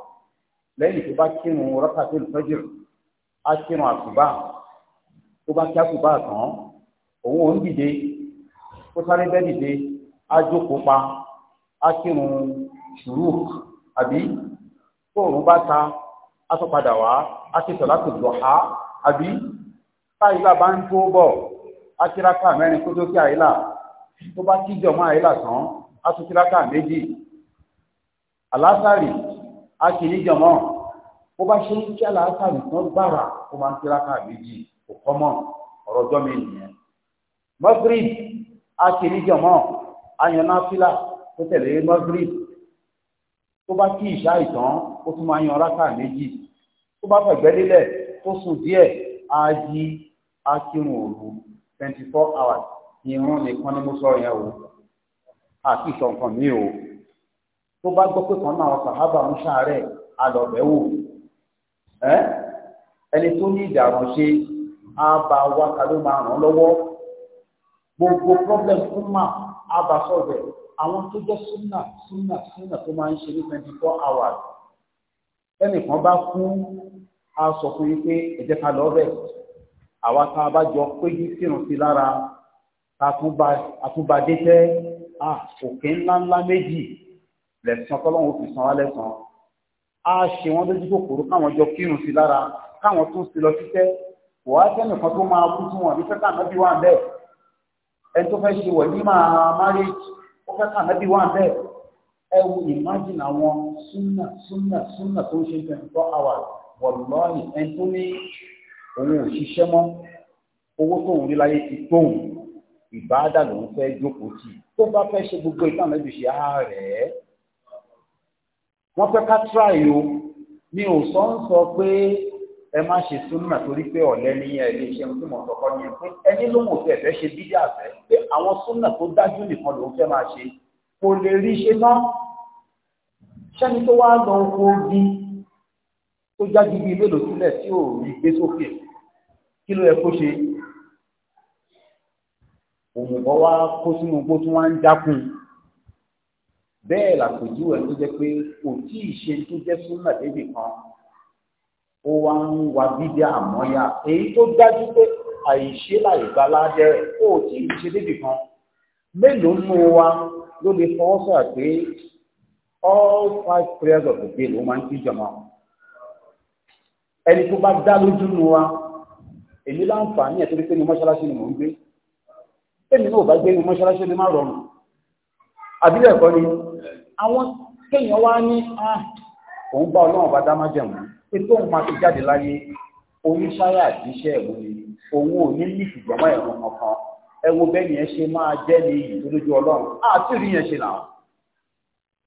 lẹ́yìn tó bá kírun rákàtí olùfẹ́jì á kírun àsùbá tó bá kí àsùbá tán òun ò ń dìde ó sáré bẹ́ẹ̀ dìde á jókòó pa á kírun ṣùrùk àbí fóòrùn bá ta aṣọ́padà wá aṣètò láti lọ ha àbí táìlà bá ń tó bọ̀ akíraka mẹ́rin kó tó kí àìlà tó bá kíjọ mọ́ àìlà tán aṣọ́kíraka méjì àlásàrì akìníjọmọ́ ó bá ṣe ń kí àlásàrì tán gbàrà ó máa ń kíraka méjì kò kọ́mọ̀ ọ̀rọ̀ ọjọ́ mi nìyẹn mọ́gírì akìníjọmọ́ ayọ̀náfílà tó tẹ̀lé mọ́gírì tó bá kí ìṣá ìtàn ó tún máa yan rákà méjì tó bá fẹ̀gbẹ́ lélẹ̀ tó sùn díẹ̀ á yí á òru twenty four hours ìrun nìkan ni mo sọ yẹn o àti ìṣọ̀kan mi o tó bá gbọ́ pé kan náà sàhábà ń ṣàárẹ̀ alọ̀bẹ̀wò ẹni tó ní ìdàrùn ṣe á bá wákàtí ló máa ràn lọ́wọ́ gbogbo problem fún mà á bá sọ̀rọ̀ àwọn tó jẹ́ súnà súnà súnà tó máa ń ṣe ní twenty four hours ẹnìkan bá kú a sọ fún yín pé ẹ jẹ́ ká lọ bẹ̀ àwa tá a bá jọ péjú kírun sí lára àtúbadé tẹ́ òkè ńláńlá méjì lẹ̀sán tọ́lọ́run fi san alẹ́sàn á ṣe wọ́n lójú kòkòrò káwọn jọ kírun sí lára káwọn tún sí lọ títẹ́ wọ́n á tẹ́nìkan tó máa kú tí wọ́n ní fẹ́ káàmọ́ bí wọ́n bẹ́ẹ̀ ẹni tó fẹ́ ṣe wọ̀ ní máa máréjì ó fẹ́ kàn lẹ́bí wà bẹ́ẹ̀ ẹ wo imagine àwọn súnà súnà súnà tó ń ṣe twenty four hours wọ̀lọ́ọ̀nì ẹni tó ní òun ò ṣiṣẹ́ mọ́ owó tóun rí láyé ti tóun ìbáàdà lòun fẹ́ jókòó tì tó bá fẹ́ ṣe gbogbo ìtàn lẹ́bí ṣe á rẹ̀ ẹ́ wọ́n fẹ́ ká try o mi ò sọ ń sọ pé ẹ má ṣe súnmọ́ torí pé ọ̀lẹ́ ní ẹ lè ṣe ohun tí mo kọ́kọ́ ní ẹ pé ẹni ló mọ̀ fẹ́ fẹ́ ṣe bídí àfẹ́ pé àwọn súnmọ́ tó dájú nìkan ló fẹ́ máa ṣe kò lè rí ṣe náà sẹ́ni tó wá lọ owó bí tó jáde bí mélòó sílẹ̀ tí ò rí gbé sókè kí ló yẹ kó ṣe òmùgọ̀ wá kó sínú igbó tí wọ́n ń dákun bẹ́ẹ̀ làpèjúwe tó jẹ́ pé kò tí ì ṣe tó jẹ́ súnmọ́ débì kan ó wá ń wa bíbí àmọ́yá èyí tó dájú pé àìṣe láì gbaládẹ ó tí ì ṣe débì kan mélòó nù wa ló lè fọwọ́ sọ̀rọ̀ pé all five prayers of the day ló máa ń kíjọmọ ẹni tó bá dá lójú nù wa èmi láǹfààní ẹ̀ torí pé ní mọ́ṣáláṣí ni mò ń gbé èmi náà bá gbé ní mọ́ṣáláṣí ni má rọrùn àbílẹ̀ ẹ̀kọ́ ni àwọn kéèyàn wá ní ah, òun bá ọlọ́run bá dá má jẹun ètò òun máa fi jáde láyé oníṣáyà àdíṣẹ́ ẹ̀wò ni òun ò ní ní ìgbọ̀mọ́ ẹ̀rọ kankan ẹ wo bẹ́ẹ̀ yẹn ṣe máa jẹ́ ní iyì tó lójú ọlọ́run àti rí yẹn ṣe là wọn.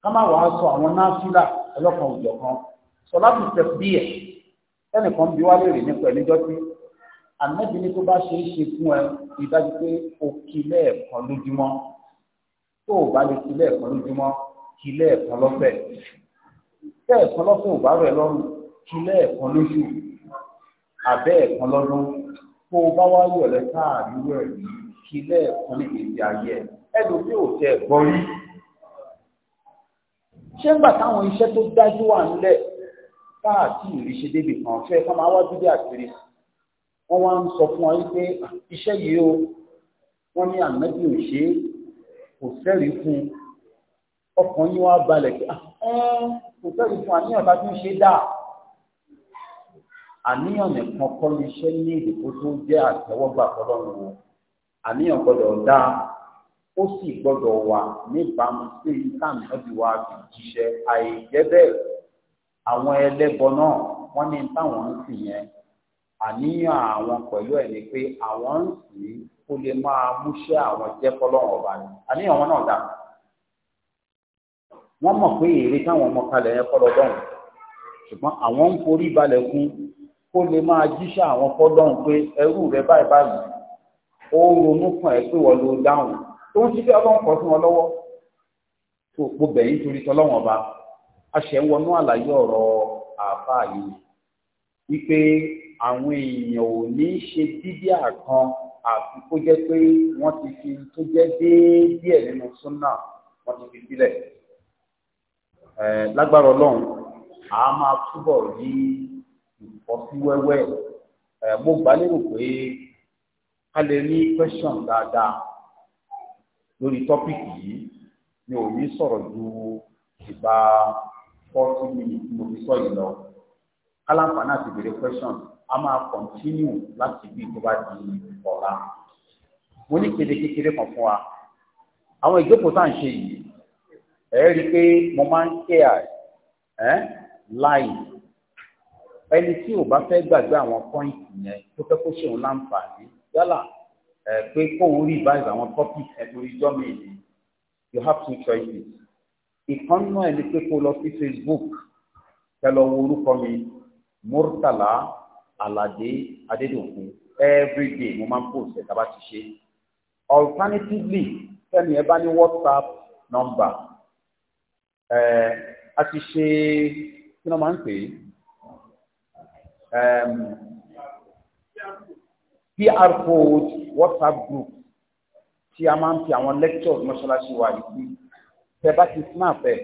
ká má wàá sọ àwọn náfìlà ọlọ́kan òjọ̀ kan sọ láti tẹ̀ bí ẹ̀ ẹnìkan bí wá lérè nípa ẹ̀níjọ́ tí ànábì ní tó bá ṣe é ṣe fún ẹ ìdájú pé o kí lẹ́ẹ̀kan lójúmọ́ tó o bá lè kí lẹ́ẹ̀kan lójúmọ́ kí lẹ́ẹ̀kan lọ́fẹ̀ẹ́ lẹ́ẹ̀kan lọ́fẹ̀ẹ́ ò bá rẹ̀ lọ́rùn tú lẹ́ẹ̀kan lóṣù àbẹ́ ẹ̀kan lọ́dún kó o bá wá yọ̀ lẹ́ka àríwọ̀ ẹ̀rí kí lẹ́ẹ̀kan ní ìgbésí ayé ẹ̀ ẹ̀dùn tí ò tẹ̀ gbọ́ rí. ṣé ń gbà táwọn iṣẹ́ tó dájú wà ńlẹ̀ káàkiri ìríṣẹ́ débi kan fẹ́ ká máa wá bídé àkiri wọ́n wá ń sọ fún wa wípé iṣẹ́ yìí o wọ́n ní ànábì ò ṣe é kò sẹ́rìí fún ọkàn yín wá balẹ̀ kò sẹ́rìí fún àníyàn bá tún ṣe dáa àníyàn nìkan kọ́ ní iṣẹ́ ní èdè tó tó jẹ́ àtẹ́wọ́gbà fọlọ́run o àníyàn gbọ́dọ̀ dá ó sì gbọ́dọ̀ wà níbàámu sí ìtàn ìtọ́jú wa fi jíṣẹ́ àìjẹ́ bẹ́ẹ̀ àwọn ẹlẹ́bọ náà wọ́n ní táwọn ń sìn yẹn àníyàn àwọn pẹ̀lú ẹ̀ ni pé àwọn ń sìn kó lè máa múṣẹ́ àwọn jẹ́ fọlọ́run ọba ni àníyàn wọn náà dá wọ́n mọ̀ pé èrè táwọn ọmọ kalẹ̀ yẹn kọ́ lọ́dọ̀ọ̀hún ṣùgbọ́n àwọn ń forí balẹ̀ fún kó lè máa jíṣẹ́ àwọn fọ́dọ̀hún pé ẹrú rẹ báyìí báyìí ó ronú fún ẹ pé wọ́n ló dáhùn tó ń ṣiṣẹ́ ọlọ́run kọ fún wọn lọ́wọ́ tó gbogbo bẹ̀yìn torí tọ́lọ́wọ́n ọba aṣẹ ń wọnú àlàyé ọ̀rọ̀ àáfàá yìí wípé àwọn èèyàn ò ní ṣe dídí àkan àfi kó jẹ́ pé wọ́n ti fi tó jẹ́ déédéẹ̀ nínú súnà wọ́n ti fi sílẹ̀ lágbára ọlọ́run àá máa túbọ̀ rí ìfọ́síwẹ́wẹ́ ẹ̀ mo gbà lérò pé ká lè ní question dáadáa lórí tọ́pìkì yìí mi ò ní sọ̀rọ̀ ju ìgbà forty minutes mo fi sọ yìí lọ kálánfààní àti béèrè question a máa continue láti bí tó bá di ọ̀la mo ní kéde kékeré kan fún wa àwọn ìjókòó tá à ń ṣe yìí ẹ rí i pé mo máa ń care ẹ láì ẹni tí ò bá fẹ́ gbàgbé àwọn pọ́ìntì yẹn tó fẹ́ kó ṣe òun láǹfààní yálà pé kóun rí ìbáyìí àwọn topic ẹ̀tọ́rí jọ́mi ni you have two choices ìkan náà ẹni pé kó lọ sí Facebook kẹ lọ wo orúkọ mi Murtala Alade Adédòkun everyday mo máa ń post ẹ̀ tábà ti ṣe alternatively fẹ́mi ẹ bá ní WhatsApp number ẹ̀ a ti ṣe kí ni máa ń pè é um, PR code WhatsApp group tí a máa ń fi àwọn lectures mọ́ṣáláṣí wa yìí sí tẹ bá ti snap ẹ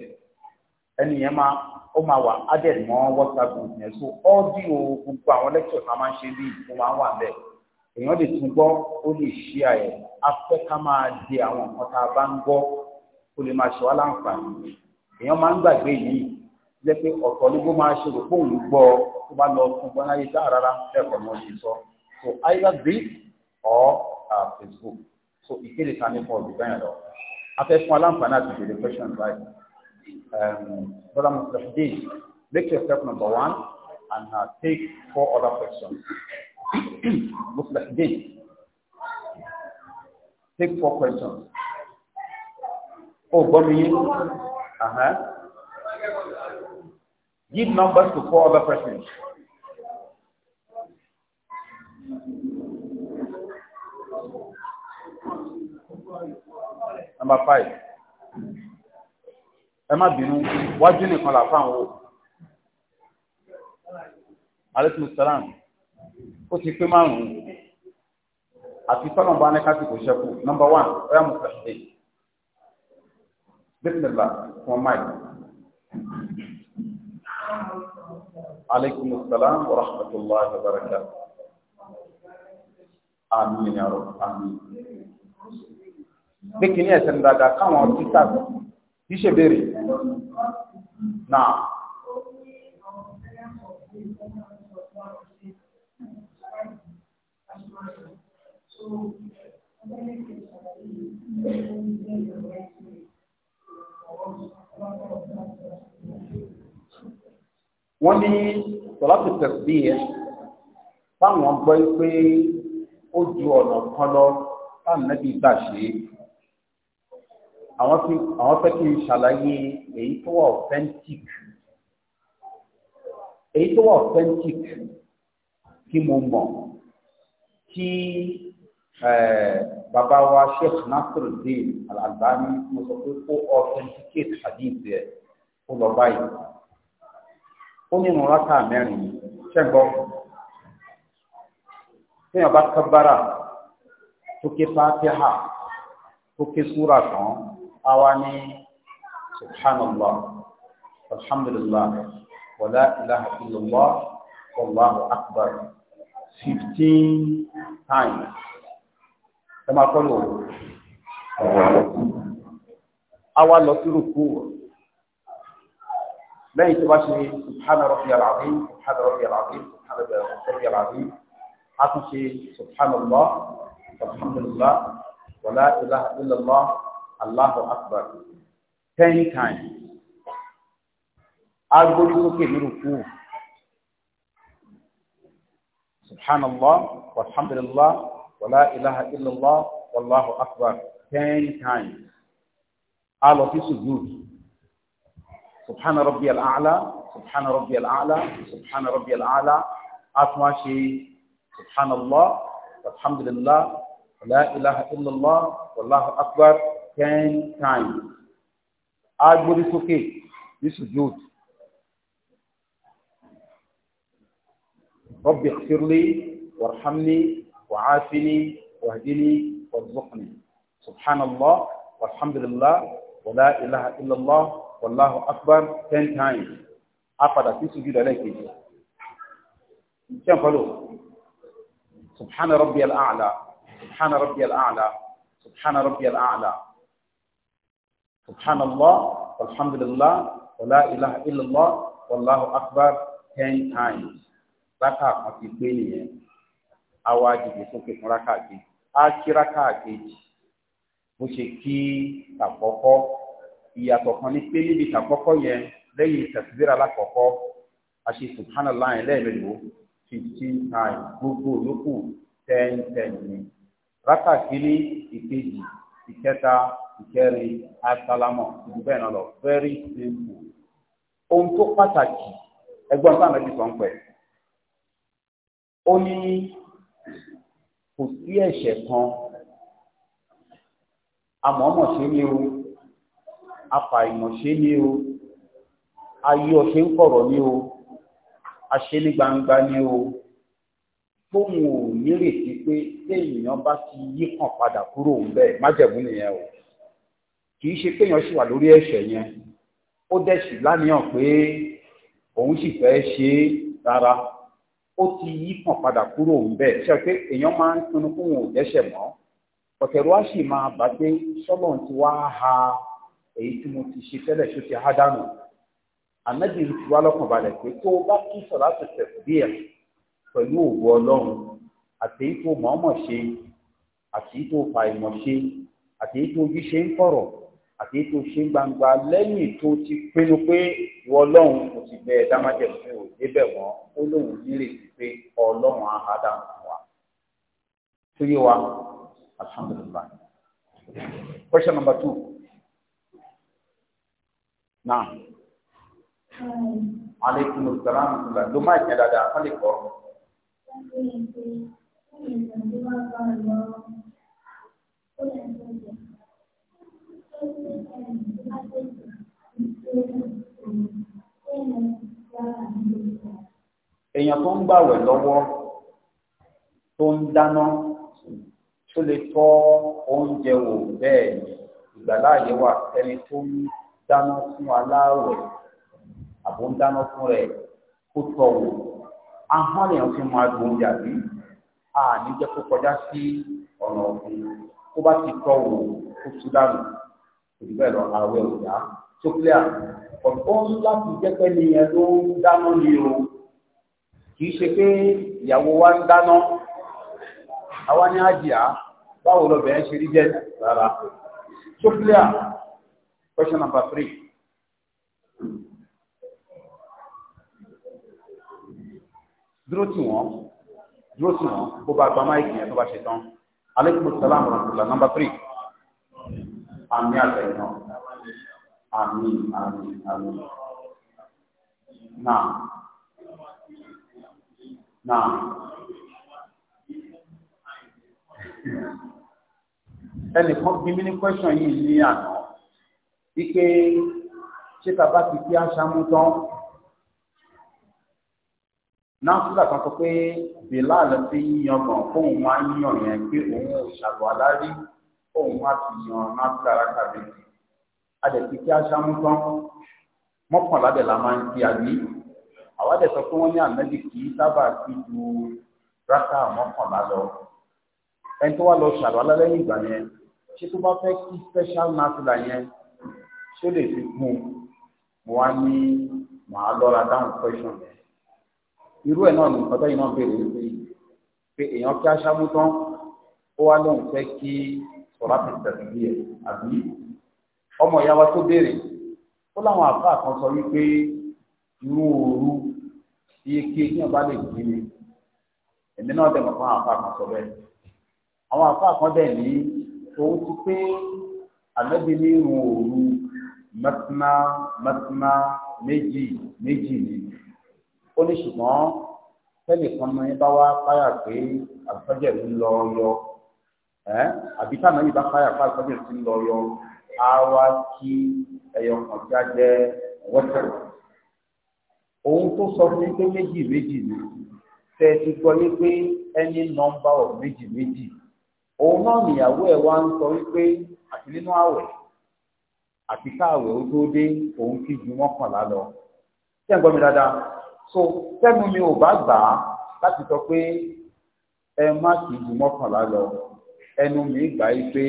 ẹni yẹn máa ó máa wà added mọ́ WhatsApp group yẹn so audio gbogbo àwọn lectures a máa ń ṣe bí ó máa ń wà bẹ́ẹ̀ èèyàn lè tún gbọ́ ó lè ṣí àyẹ̀ afẹ́ ká máa di àwọn nǹkan tá a bá ń gbọ́ ó lè máa ṣe wá láǹfààní èèyàn máa ń gbàgbé yìí jẹ́ pé ọ̀tọ̀ ní bó máa ṣe rò pé òun gbọ́ ọ tó bá lọ fún gbọ́n láyé sáà rárá ẹ̀kọ́ ni wọ́n ti sọ so either this or uh, Facebook so ìkéde ta ní fún ọ̀gbìn bẹ́ẹ̀ lọ afẹ́fún aláǹfààní àti ìbéèrè questions right um, brother Mufti make yourself number one and uh, take four other questions Mufti take four questions. Oh, gbọ́ mi yín give numbers to four other persons. Number five. Emma Binu, what do you là fáwọn o. Alaykum salam. Ó ti pé márùn-ún. Àti tọ́nà bá Number one, ọ̀yà mú kàṣẹ́. Bísí nígbà fún عليكم السلام ورحمة الله وبركاته آمين يا رب آمين لكن يا سندادا كم وقت تسافر يشي بيري نعم Thank you wọ́n ní sọ̀látù tẹ̀sí ẹ̀ táwọn gbọ́ pé ó ju ọ̀nà kan lọ táwọn nẹ́bí gbà ṣe é àwọn fẹ́ kí n ṣàlàyé èyí tó wà authentic èyí tó wà authentic kí mo mọ̀ kí bàbá wa Sheikh Nasiruddin Al-Albani mo sọ pé kó authenticate hadith ẹ̀ kó lọ báyìí ó ní ìrun rákà mẹ́rin ṣẹ́gbọ́ téèyàn bá kábàrà tó ké fatiha tó ké súra tán àwa ní subhanallah alhamdulillah wàlá ilaha illallah wallahu akbar fifteen times ẹ máa kọ́ lò ó lọ sí rúkú لا يتباشي سبحان ربي العظيم سبحان ربي العظيم سبحان ربي العظيم حاطشي سبحان الله الحمد لله ولا إله إلا الله الله أكبر 10 times أقول لك مرفوع سبحان الله والحمد لله ولا إله إلا الله والله أكبر 10 times على في سجود سبحان ربي الأعلى سبحان ربي الأعلى سبحان ربي الأعلى أتماشي سبحان الله الحمد لله لا إله إلا الله والله أكبر 10 times أجبري سوكي بسجود ربي اغفر لي وارحمني وعافني واهدني وارزقني سبحان الله والحمد لله ولا إله إلا الله Allahu akbar ten times a padà sí sùjú lọ́lẹ́ kejì ṣe ń fọ́lò subhana rabbiyal a'la subhana rabbiyal a'la subhana rabbiyal a'la subhanallah alhamdulillah wala ilaha illallah wallahu akbar ten times rákà kan ti pé nìyẹn àwa jìbì sókè fún rákà kejì á kí rákà kejì bó ṣe kí àkọ́kọ́ ìyàtọ̀ kan ní pé níbi ìtàkọ́kọ́ yẹn lẹ́yìn tẹ̀síbíra lákọ̀ọ́kọ́ a ṣe subhanallah yẹn lẹ́ẹ̀mẹ́lò fifteen times gbogbo yòókù ten ten ni rákà kínní ìkejì ìkẹta ìkẹrin asálámọ̀ ìdúgbò ẹ̀nà lọ very simple ohun tó pàtàkì ẹgbọ́n sáà lẹ́bi sọ̀ ń pẹ̀ ó ní kò sí ẹ̀ṣẹ̀ kan àmọ́ ọmọ ṣe ní o apàìmọ̀ṣe ni o ayé ọ̀ṣẹ́ ń kọ̀rọ̀ ni o aṣe ní gbangba ni o fóun ò nírètí pé téèyàn bá ti yí kàn padà kúrò ńbẹ̀ májẹ̀mú nìyẹn o kì í ṣe péèyàn ṣì wà lórí ẹ̀ṣẹ̀ yẹn ó dẹ̀sì láníyàn pé òun sì fẹ́ ṣe é rárá ó ti yí kàn padà kúrò ńbẹ̀ ṣe pé èèyàn máa ń pinnu fóun ò dẹ́ṣẹ̀ mọ́ ọ̀tẹ̀rù á sì máa bà pé sọ́lọ́n ti ha èyí tí mo ti ṣe tẹ́lẹ̀ tó ti há dànù ànábì ti wá lọ́kàn pé tó o bá kí sọ̀rọ̀ àti tẹ̀sí díẹ̀ pẹ̀lú òwò ọlọ́run àtẹ̀yí tó mọ̀ọ́mọ̀ ṣe àtẹ̀yí tó fa ìmọ̀ ṣe àtẹ̀yí tó ojú ṣe ń kọ̀rọ̀ àtẹ̀yí tó ṣe ń gbangba lẹ́yìn tó ti pinnu pé ìwọ ọlọ́run kò sì bẹ dámájẹ̀ fún ò débẹ̀ wọ́n ó lóun nírètí pé ọlọ́run á há fún wa. tó yé wa alhamdulilayi question number two náà aleykum salaam ló má jẹ dáadáa wọn lè kọ. èèyàn tó ń gbàwẹ̀ lọ́wọ́ tó ń dáná tó lè tọ́ oúnjẹ wò bẹ́ẹ̀ ìgbàláàyè wà ẹni tó ń dáná fún aláwẹ̀ àbò ń dáná fún rẹ̀ kó tọ̀ wò ahọ́n nìyẹn fi máa dùn oúnjẹ àbí àní jẹ́ kó kọjá sí ọ̀nà ọ̀fun kó bá ti tọ̀ wò kó tú dànù òbí bẹ́ẹ̀ lọ àwẹ̀ òjá tó kílíà ọ̀gbọ́n láti jẹ́ pé nìyẹn ló ń dáná ni o kì ṣe pé ìyàwó wa ń dáná àwa ní àjìá báwo lọ bẹ̀rẹ̀ ṣe rí jẹ́ rárá tó kílíà. Question number three. Dúró tì wọ́n, dúró tì wọ́n, bó bá gba máìkì yẹn tó bá ṣe tán. Aleykum salaam wa rahmatulah. Number three. Àmì àgbẹ̀ náà. Àmì àmì àmì. Náà. Náà. Ẹnìkan bí mi ní question yìí ní àná wípé ṣé tàbá ti fi aṣáájú tán násìlà kan sọ pé bèlà lọ sí yíyan gan kóun máa ń yàn yẹn pé òun ò ṣàlù alárí kóun má ti yan násìlà rákàbí adẹ̀tí kí aṣáájú tán mọ́kànlá dẹ̀ la máa ń fi àbí àwa dẹ̀ sọ pé wọ́n ní ànábì kì í sábà fi ju rákà mọ́kànlá lọ ẹni tó wá lọ ṣàlù alálẹ́ ìgbà yẹn ṣé tó bá fẹ́ kí special násìlà yẹn tó lè fi kún un mo wá ní màá lọ́ra dáhùn question yẹn irú ẹ̀ náà ní nǹkan tẹ́yìn náà béèrè wípé pé èèyàn kí aṣáájú tán ó wá lóun fẹ́ kí sọ̀rọ̀ àti tẹ̀síbí ẹ̀ àbí ọmọ ìyá wa tó béèrè ó láwọn àfáà kan sọ wípé irú òru iye kí èèyàn bá lè gbé mi èmi náà dẹ̀ mọ̀ fún àwọn àfáà kan sọ bẹ́ẹ̀ àwọn àfáà kan dẹ̀ ní òun ti pé àlẹ́bí ní irun òru mọ́tímá mọ́tímá méjì méjì ni ó ní ṣùgbọ́n tẹ́nìkan mọ́ ẹ bá wá fáyà pé àlùfájẹ̀ ń lọ yọ ẹ́ àbí táwọn yìí bá fáyà pé àlùfájẹ̀ ń lọ yọ á wá kí ẹyọ kan tí a jẹ wọ́tẹ̀ ohun tó sọ fún mi pé méjì méjì ni tẹ́ ẹ ti gbọ́ yé pé ẹni nọ́mbà ọ̀ méjì méjì òun náà nìyàwó ẹ̀ wá ń sọ wípé àti nínú àwẹ̀ àti káàwé ó tó dé òun kí ju mọ́kànlá lọ ṣé ń gbọ́ mi dáadáa so tẹ́nu mi ò bá gbà á láti sọ pé ẹ má kì í ju mọ́kànlá lọ ẹnu mi gbà yí pé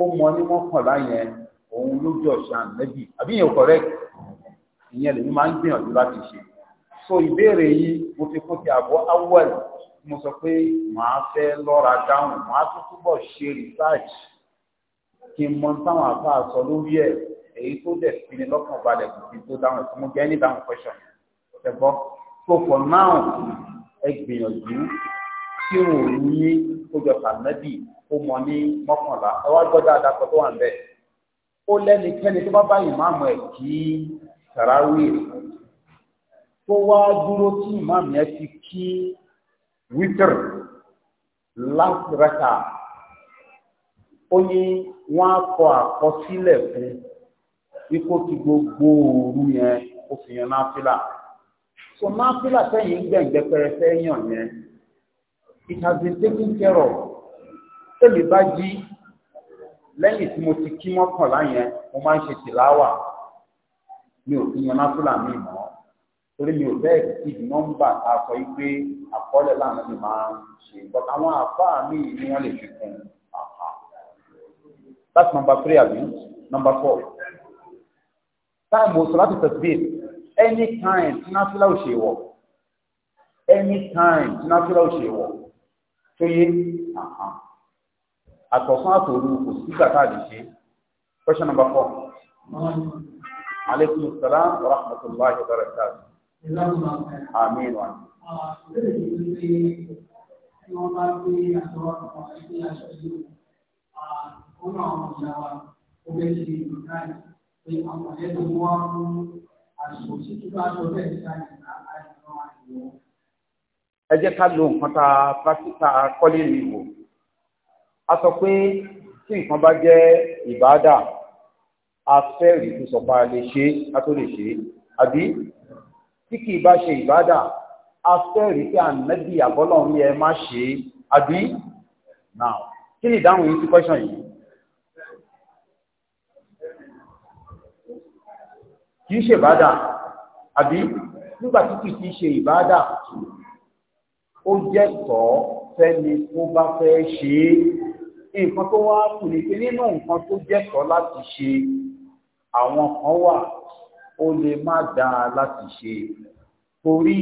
ó mọ ní mọ́kànlá yẹn òun lójú ọ̀sán nẹ́bì àbí ìyẹn ò correct ìyẹn lèmi máa ń gbìyànjú láti ṣe so ìbéèrè yìí mo fi kún ti àbọ̀ awọ́ẹ̀lì mo sọ pé màá fẹ́ lọ́ra dáhùn màá tún túbọ̀ ṣe research kí n mọ táwọn àbá sọ lórí ẹ̀ èyí tó dẹ̀ fi ni lọ́kàn balẹ̀ kò sí tó dáhùn tí mo jẹ́ ní dáhùn question ẹ gbọ́ so for now ẹ gbìyànjú kí n ò ní kójọ tànàbì kó mọ ní mọ́kànlá ẹ wá gbọ́dọ̀ àdàkọ tó wà ń bẹ̀ ó lẹ́nikẹ́ni tó bá bá ìmáàmù ẹ̀ kí sàráwì tó wá dúró tí ìmáàmù yẹn ti kí wítìrì láti rẹ́ta ó ní wọ́n á kọ àkọsílẹ̀ fún ikú ti gbogbo òru yẹn ó fi yan náfìlà so náfìlà sẹ́yìn gbẹ̀ǹgbẹ́ pẹrẹsẹ yàn yẹn it has been taken care of tẹ́lẹ̀ bá jí lẹ́yìn tí mo ti kí mọ́kànlá yẹn mo máa ń ṣe tìláwà mi ò fi yan náfìlà mi mọ́ torí mi ò bẹ́ẹ̀ ti nọ́mbà tá a sọ yìí pé àkọọ́lẹ̀ lánàá mi máa ń ṣe but àwọn àfáà mi ni wọ́n lè fi kún un that's number three àbí number four táìmù sọláàtì tẹsíbíyè anytime tí náfìlà ò ṣe wọ anytime tí náfìlà ò ṣe wọ tó yé àtọ̀sán àtòru kò sí gbàtà àdìṣe question number four. aleykum salaam wa rahmatulahi wa barakatuh. àmín wa. Tí nínú àwọn ọ̀sẹ̀ wa ó bẹ́ẹ̀ ṣe ìlú káyì pé àwọn ọ̀rẹ́ tó mú wá mú àṣọ sí kíkọ́ aṣọ bẹ́ẹ̀ ní káyì ká àìsàn àìwọ̀. ẹ jẹ́ ká lo nǹkan tá a bá síta kọ́lé mi wò a sọ pé tí nǹkan bá jẹ́ ìbáàdà a fẹ́ rí tó sọ pé a lè ṣe a tó lè ṣe àbí tí kì í bá ṣe ìbáàdà a fẹ́ rí pé ànábì àbọ́lọ́run yẹ má ṣe àbí now kí ni ìdáhùn yìí sí question yìí kìí ṣe ìbádà àbí nígbà tí kìí ti ṣe ìbádà ó jẹ́ tọ́ fẹ́ni tó bá fẹ́ ṣe é nǹkan tó wá kù ní pé nínú nǹkan tó jẹ́ tọ́ láti ṣe àwọn kan wà ó lè má dáa láti ṣe torí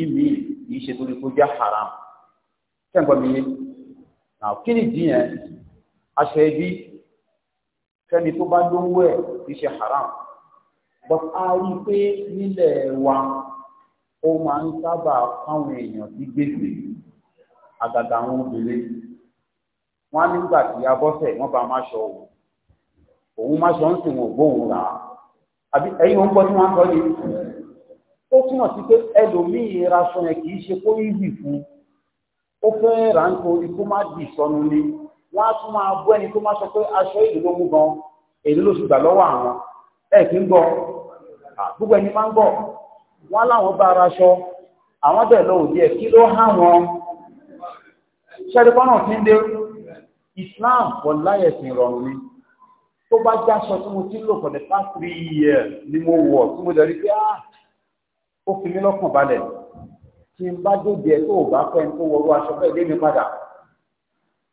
ìdí mi kìí ṣe torí kó jẹ́ haram kẹ́ǹgbọ́n mi kí ni ìdí yẹn aṣọ ẹbí fẹ́ni tó bá lówó ẹ̀ kìí ṣe haram but a rí i pé nílẹ̀ wa ó máa ń sábà fáwọn èèyàn sí gbèsè àgàgà àwọn obìnrin wọn á nígbà tí abọ́sẹ̀ wọn bá má ṣọ òun òun má ṣọ ń sìn wọn bóun rà á ẹ̀yin ò ń gbọ́ tí wọ́n á sọ yìí ó túmọ̀ sí pé ẹlòmíì raṣọ yẹn kì í ṣe kó yíyì fún ó fẹ́ rà ń kó má dì sọnù ni wọ́n á tún máa bọ́ ẹni tó má sọ pé aṣọ ìlú mú gan èlé ló sì gbà lọ́wọ́ àwọn ẹ̀ kí ń gbọ́ gbogbo ẹni máa ń bọ̀ wọ́n láwọn bá ara ṣọ àwọn bẹ̀ lọ òdí ẹ̀ kí ló há wọn ṣẹ́rìkọ́nà tí ń dé Islam wọ́n láyẹ̀sìn ìrọ̀rùn ni tó bá jáṣọ tí mo ti lò for the past three years ni mo wọ̀ tí mo dẹ̀ rí pé ah ó fi mí lọ́kàn balẹ̀ tí n bá dóde ẹ tó o bá fẹ́ tó wọlú aṣọ bẹ́ẹ̀ lé mi padà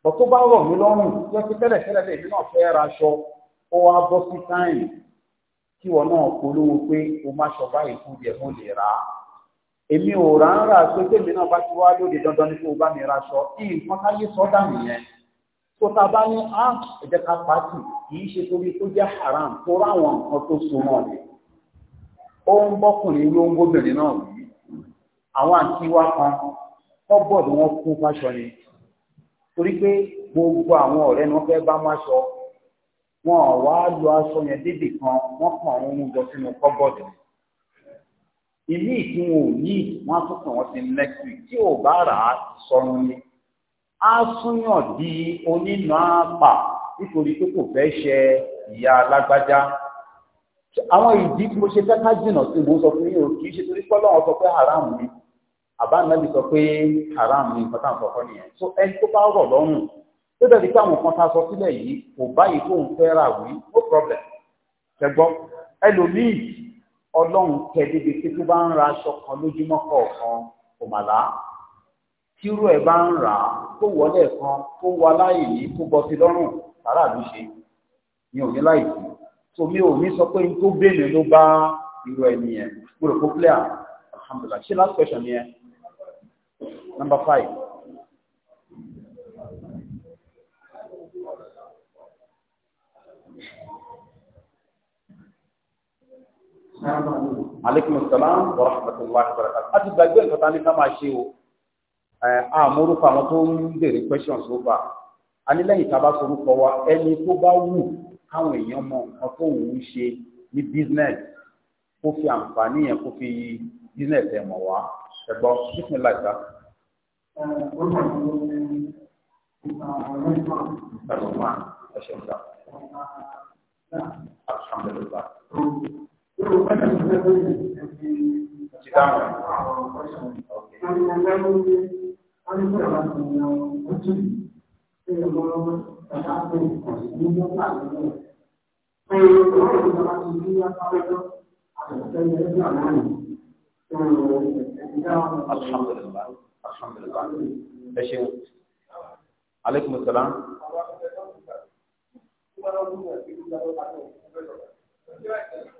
bọ̀ tó bá rọ̀ mí lọ́rùn lọ́sí tẹ́lẹ̀ tẹ́lẹ̀ lèmi náà fẹ́ ra aṣọ ó wá bọ́ sí táìmù kí wọn náà polówó pé o má sọ báyìí fún jẹ mo lè rà á èmi ò rà ń rà pé tèmi náà bá ti wá lóde dandan ní kó o bá mi ra aṣọ nǹkan táyé sọdá nìyẹn tó ta bá ní á ẹjẹ ká pàtì kì í ṣe torí tó jẹ haram tó ráwọn nǹkan tó so náà ni ó ń bọkùnrin ló ń gbóbìnrin náà wí àwọn àǹtí wa kan kọ́bọ̀dù wọn kú fáṣọ ni torí pé gbogbo àwọn ọ̀rẹ́ ni wọ́n fẹ́ bá máṣọ wọn ò wá lo aṣọ yẹn débì kan wọ́n kàn àwọn ohun jọ sínú kọ́bọ̀dù ìlú ìtún ò ní wọn á tún kàn wọn sí next week tí ò bá rà á sọrun ni á súnyàn di onínàá pa nítorí pé kò fẹ́ ṣe ìyá alágbájá àwọn ìdí tí mo ṣe fẹ́ ká jìnnà sí mo sọ fún yín o kì í ṣe torí pé ọlọ́run sọ pé haram ni àbá nàbì sọ pé haram ni nǹkan tá à ń sọ fún nìyẹn so ẹni tó bá rọ̀ lọ́rùn tó dẹ̀ di pé àwọn kan ta sọ sílẹ̀ yìí kò báyìí tó ń fẹ́ rà wí no problem ṣẹgbọ́ ẹlòmíì ọlọ́run tẹ débi pé tó bá ń ra aṣọ kan lójúmọ́ kọ̀ọ̀kan kò mà lá tírú ẹ̀ bá ń rà á kó wọlé kan kó wọ aláìní kó bọ́ sí lọ́rùn sàrà ló ṣe mi ò ní láì sí so mi ò ní sọ pé n tó béèrè ló bá irú ẹni yẹn mo rò pé clear alhamdulilah ṣé last question yẹn number five. aleykum salaam wa rahmatullahi wa barakatuh. a ti gbàgbé ìkọta ní ká máa ṣe o àmúrúkọ àwọn tó ń béèrè questions ló bá a ní lẹ́yìn tá a bá sorúkọ wa ẹni tó bá wù káwọn èèyàn mọ nǹkan tó wù ṣe ní business kó fi àǹfààní yẹn kó fi business ẹ̀ mọ̀ wá ẹ̀gbọ́n bísí láìka. Alhamdulillah. الحمد لله الحمد لله عليكم السلام Thank you.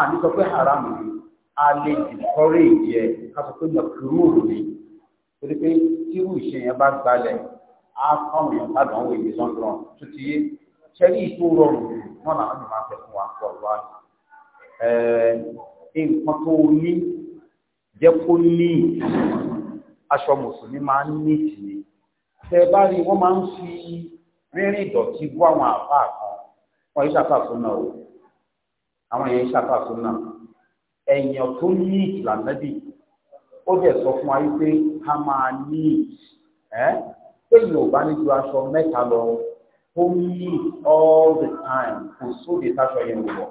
a ní sọ pé a lè dìkọ́rẹ́ ìjẹ ká pé mọ̀kúrú ni torí pé tírú ìṣe yẹn bá gbalẹ̀ á fáwọn èèyàn bá dánwò ìwé sọ́ńdọ̀rọ̀ tó ti yé ìtò rọrùn làwọn fún wa pọ̀ wá nǹkan tó ní jẹ́ kó ní aṣọ mùsùlùmí máa ń ní ìtìlẹ̀ tẹ bá rí wọ́n máa ń fi ìdọ̀tí bú àwọn àbá àwọn èèyàn ṣàfà súnà ẹ̀yàn tó ní ìlànàbì ó dẹ̀ sọ fún wa wípé ká máa ní ẹ́ téèyàn ò bá ní ju aṣọ mẹ́ta lọ ó ní all the time kò sóde táṣọ yẹn wò wọ̀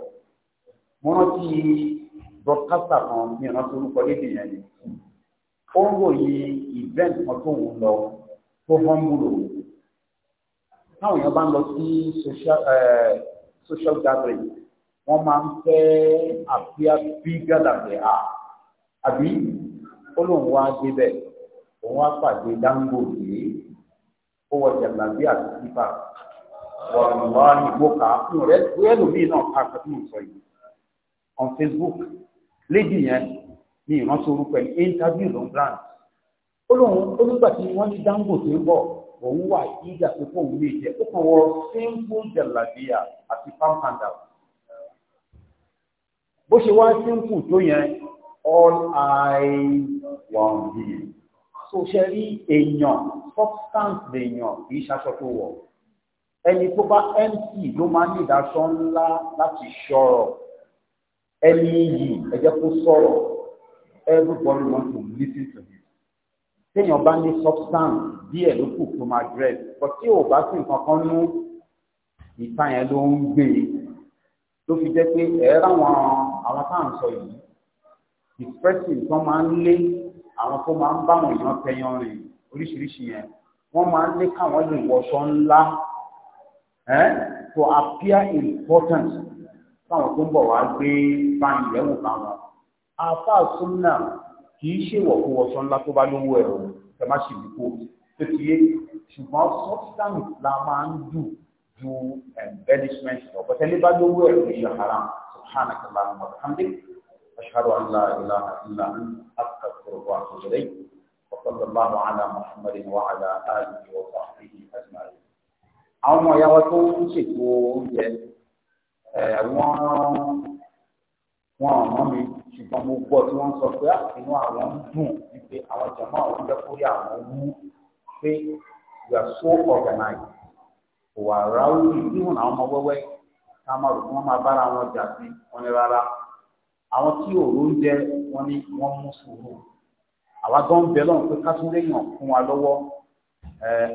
mo rántí broadcaster kan mi rántí orúkọ lédè yẹn ni ó ń ròyìn event kan tó ń lọ tó humble o táwọn èèyàn bá ń lọ sí social gathering wọ́n máa ń fẹ́ àfíà bí gàdàgbé à àbí ó lóun wá débẹ̀ òun wá pàdé Dangote ó wọ jàgbàgbé àti sípà wàlúwà ní mọ́kà fún rẹ̀ wíwẹ́ lómìn náà ká àkàtú sọ yìí on Facebook lédi yẹn ní ìrántí orúkọ ẹ̀ interview ló ń brand ó lóun ó nígbà tí wọ́n ní Dangote ń bọ̀ òun wà yíjà pé kóun lè jẹ ó kàn wọ simple jàlàbíà àti pampanda bó ṣe wá sínkù tó yẹn all i want be so ṣe rí èèyàn substance lèèyàn kì í ṣaṣọ tó wọ̀ ẹni tó bá mc ló máa ní ìdáṣọ ńlá láti ṣọ̀rọ̀ ẹni yìí ẹ kó sọ̀rọ̀ everybody want to listen to him téèyàn bá ní substance díẹ̀ ló kù tó máa dress but tí ò bá sí nǹkan kan nú ìta yẹn ló ń gbé e ló fi jẹ́ pé ẹ ráwọn àwọn tá à ń sọ yìí depression tó máa ń lé àwọn tó máa ń bá àwọn èèyàn tẹyan rìn oríṣiríṣi yẹn wọ́n máa ń lé káwọn lè wọṣọ ńlá to appear important fáwọn tó ń bọ̀ wá gbé báyìí lẹ́wọ̀n káwọn àfa súnmọ́nà kì í ṣèwọ̀ kó wọṣọ ńlá tó bá lówó ẹ̀rọ ẹ má ṣe wípé tó ti yé ṣùgbọ́n substance la máa ń dù ju embellishment lọ bọ́tẹ́lẹ́ bá lówó ẹ̀rọ ìṣàkárà. سبحانك اللهم وبحمدك أشهد أن لا إله إلا أنت أستغفرك وأتوب إليك وصلى الله على محمد وعلى آله وصحبه أجمعين àwọn ọmọ ìyá wa tó ń ṣètò oúnjẹ wọn wọn ọmọ mi ṣùgbọ́n mo gbọ́ tí wọ́n sọ pé àtinú àwọn ń dùn wípé àwọn jàmọ́ àwọn ń dẹ́kórí àwọn mú pé you are so organized òwà ráúlì níwọ̀n àwọn ọmọ wẹ́wẹ́ ká má rò kí wọ́n máa bára wọn jà sí wọn ní rárá àwọn tí òró ń jẹ wọn ni wọ́n mú sùúrù àwa gan ń bẹ lọ́run pé ká tún léèyàn fún wa lọ́wọ́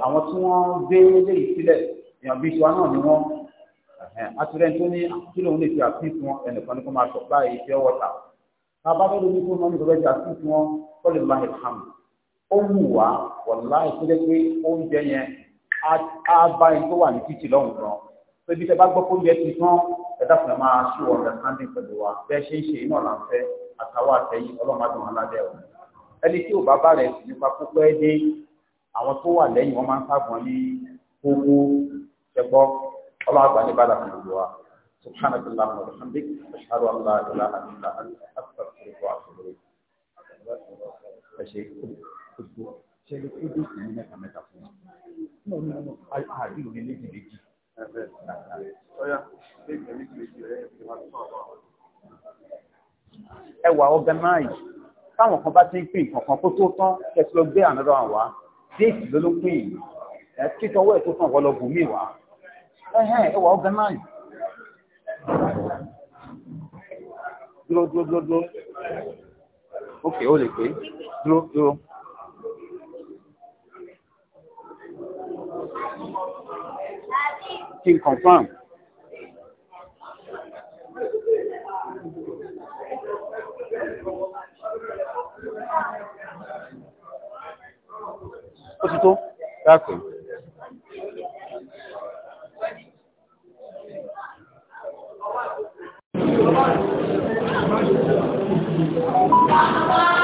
àwọn tí wọ́n gbé léyìí sílẹ̀ èèyàn bíi tiwa náà ni wọ́n àtúrẹ́ tó ní kí lóun lè fi àfin fún ẹnìkan ní kó máa sọ báyìí fi ọwọ́ ta ká bá fẹ́ lómi fún wọn nígbà tí àfin fún wọn kọ́ lè máa hàn ó mú wa wọ̀lá ìpínlẹ̀ pé oúnjẹ yẹn á bá ẹni tó wà ní títì lọ́hùn-ún pé bí tẹ́ bá gbọ́ fóúnjẹ ti tán ẹ̀dá fún ẹ máa ṣù ọ̀rẹ́ sáńdì pẹ̀lú wa bẹ́ ṣe ń ṣe iná là ń fẹ́ àtàwọn àtẹ̀yìn ọlọ́mọdún aládẹ́ ọ̀hún ẹni tí ò bá bá rẹ̀ nípa púpẹ́ dé àwọn tó wà lẹ́yìn wọn máa ń sábọn ní gbogbo ṣẹgbọ́ ọlọ́àgbà ní bàdà fún gbogbo wa subhanahu wa ta'ala alhamdi ẹ wà organize táwọn kan bá ti ń pín nǹkan kan kó tó tán kẹsì lọ gbé àná lọ́wọ́ wá déètì ló ló pín yìí ẹ títọwọ́ ẹ̀ tó tàn wọ́n lọ bù mí wá ẹ̀hẹ́n ẹ wà dúró dúró dúró dúró ok ó lè pé dúró dúró. kí n confam. ó ti tó dáàpẹ́. Thank you.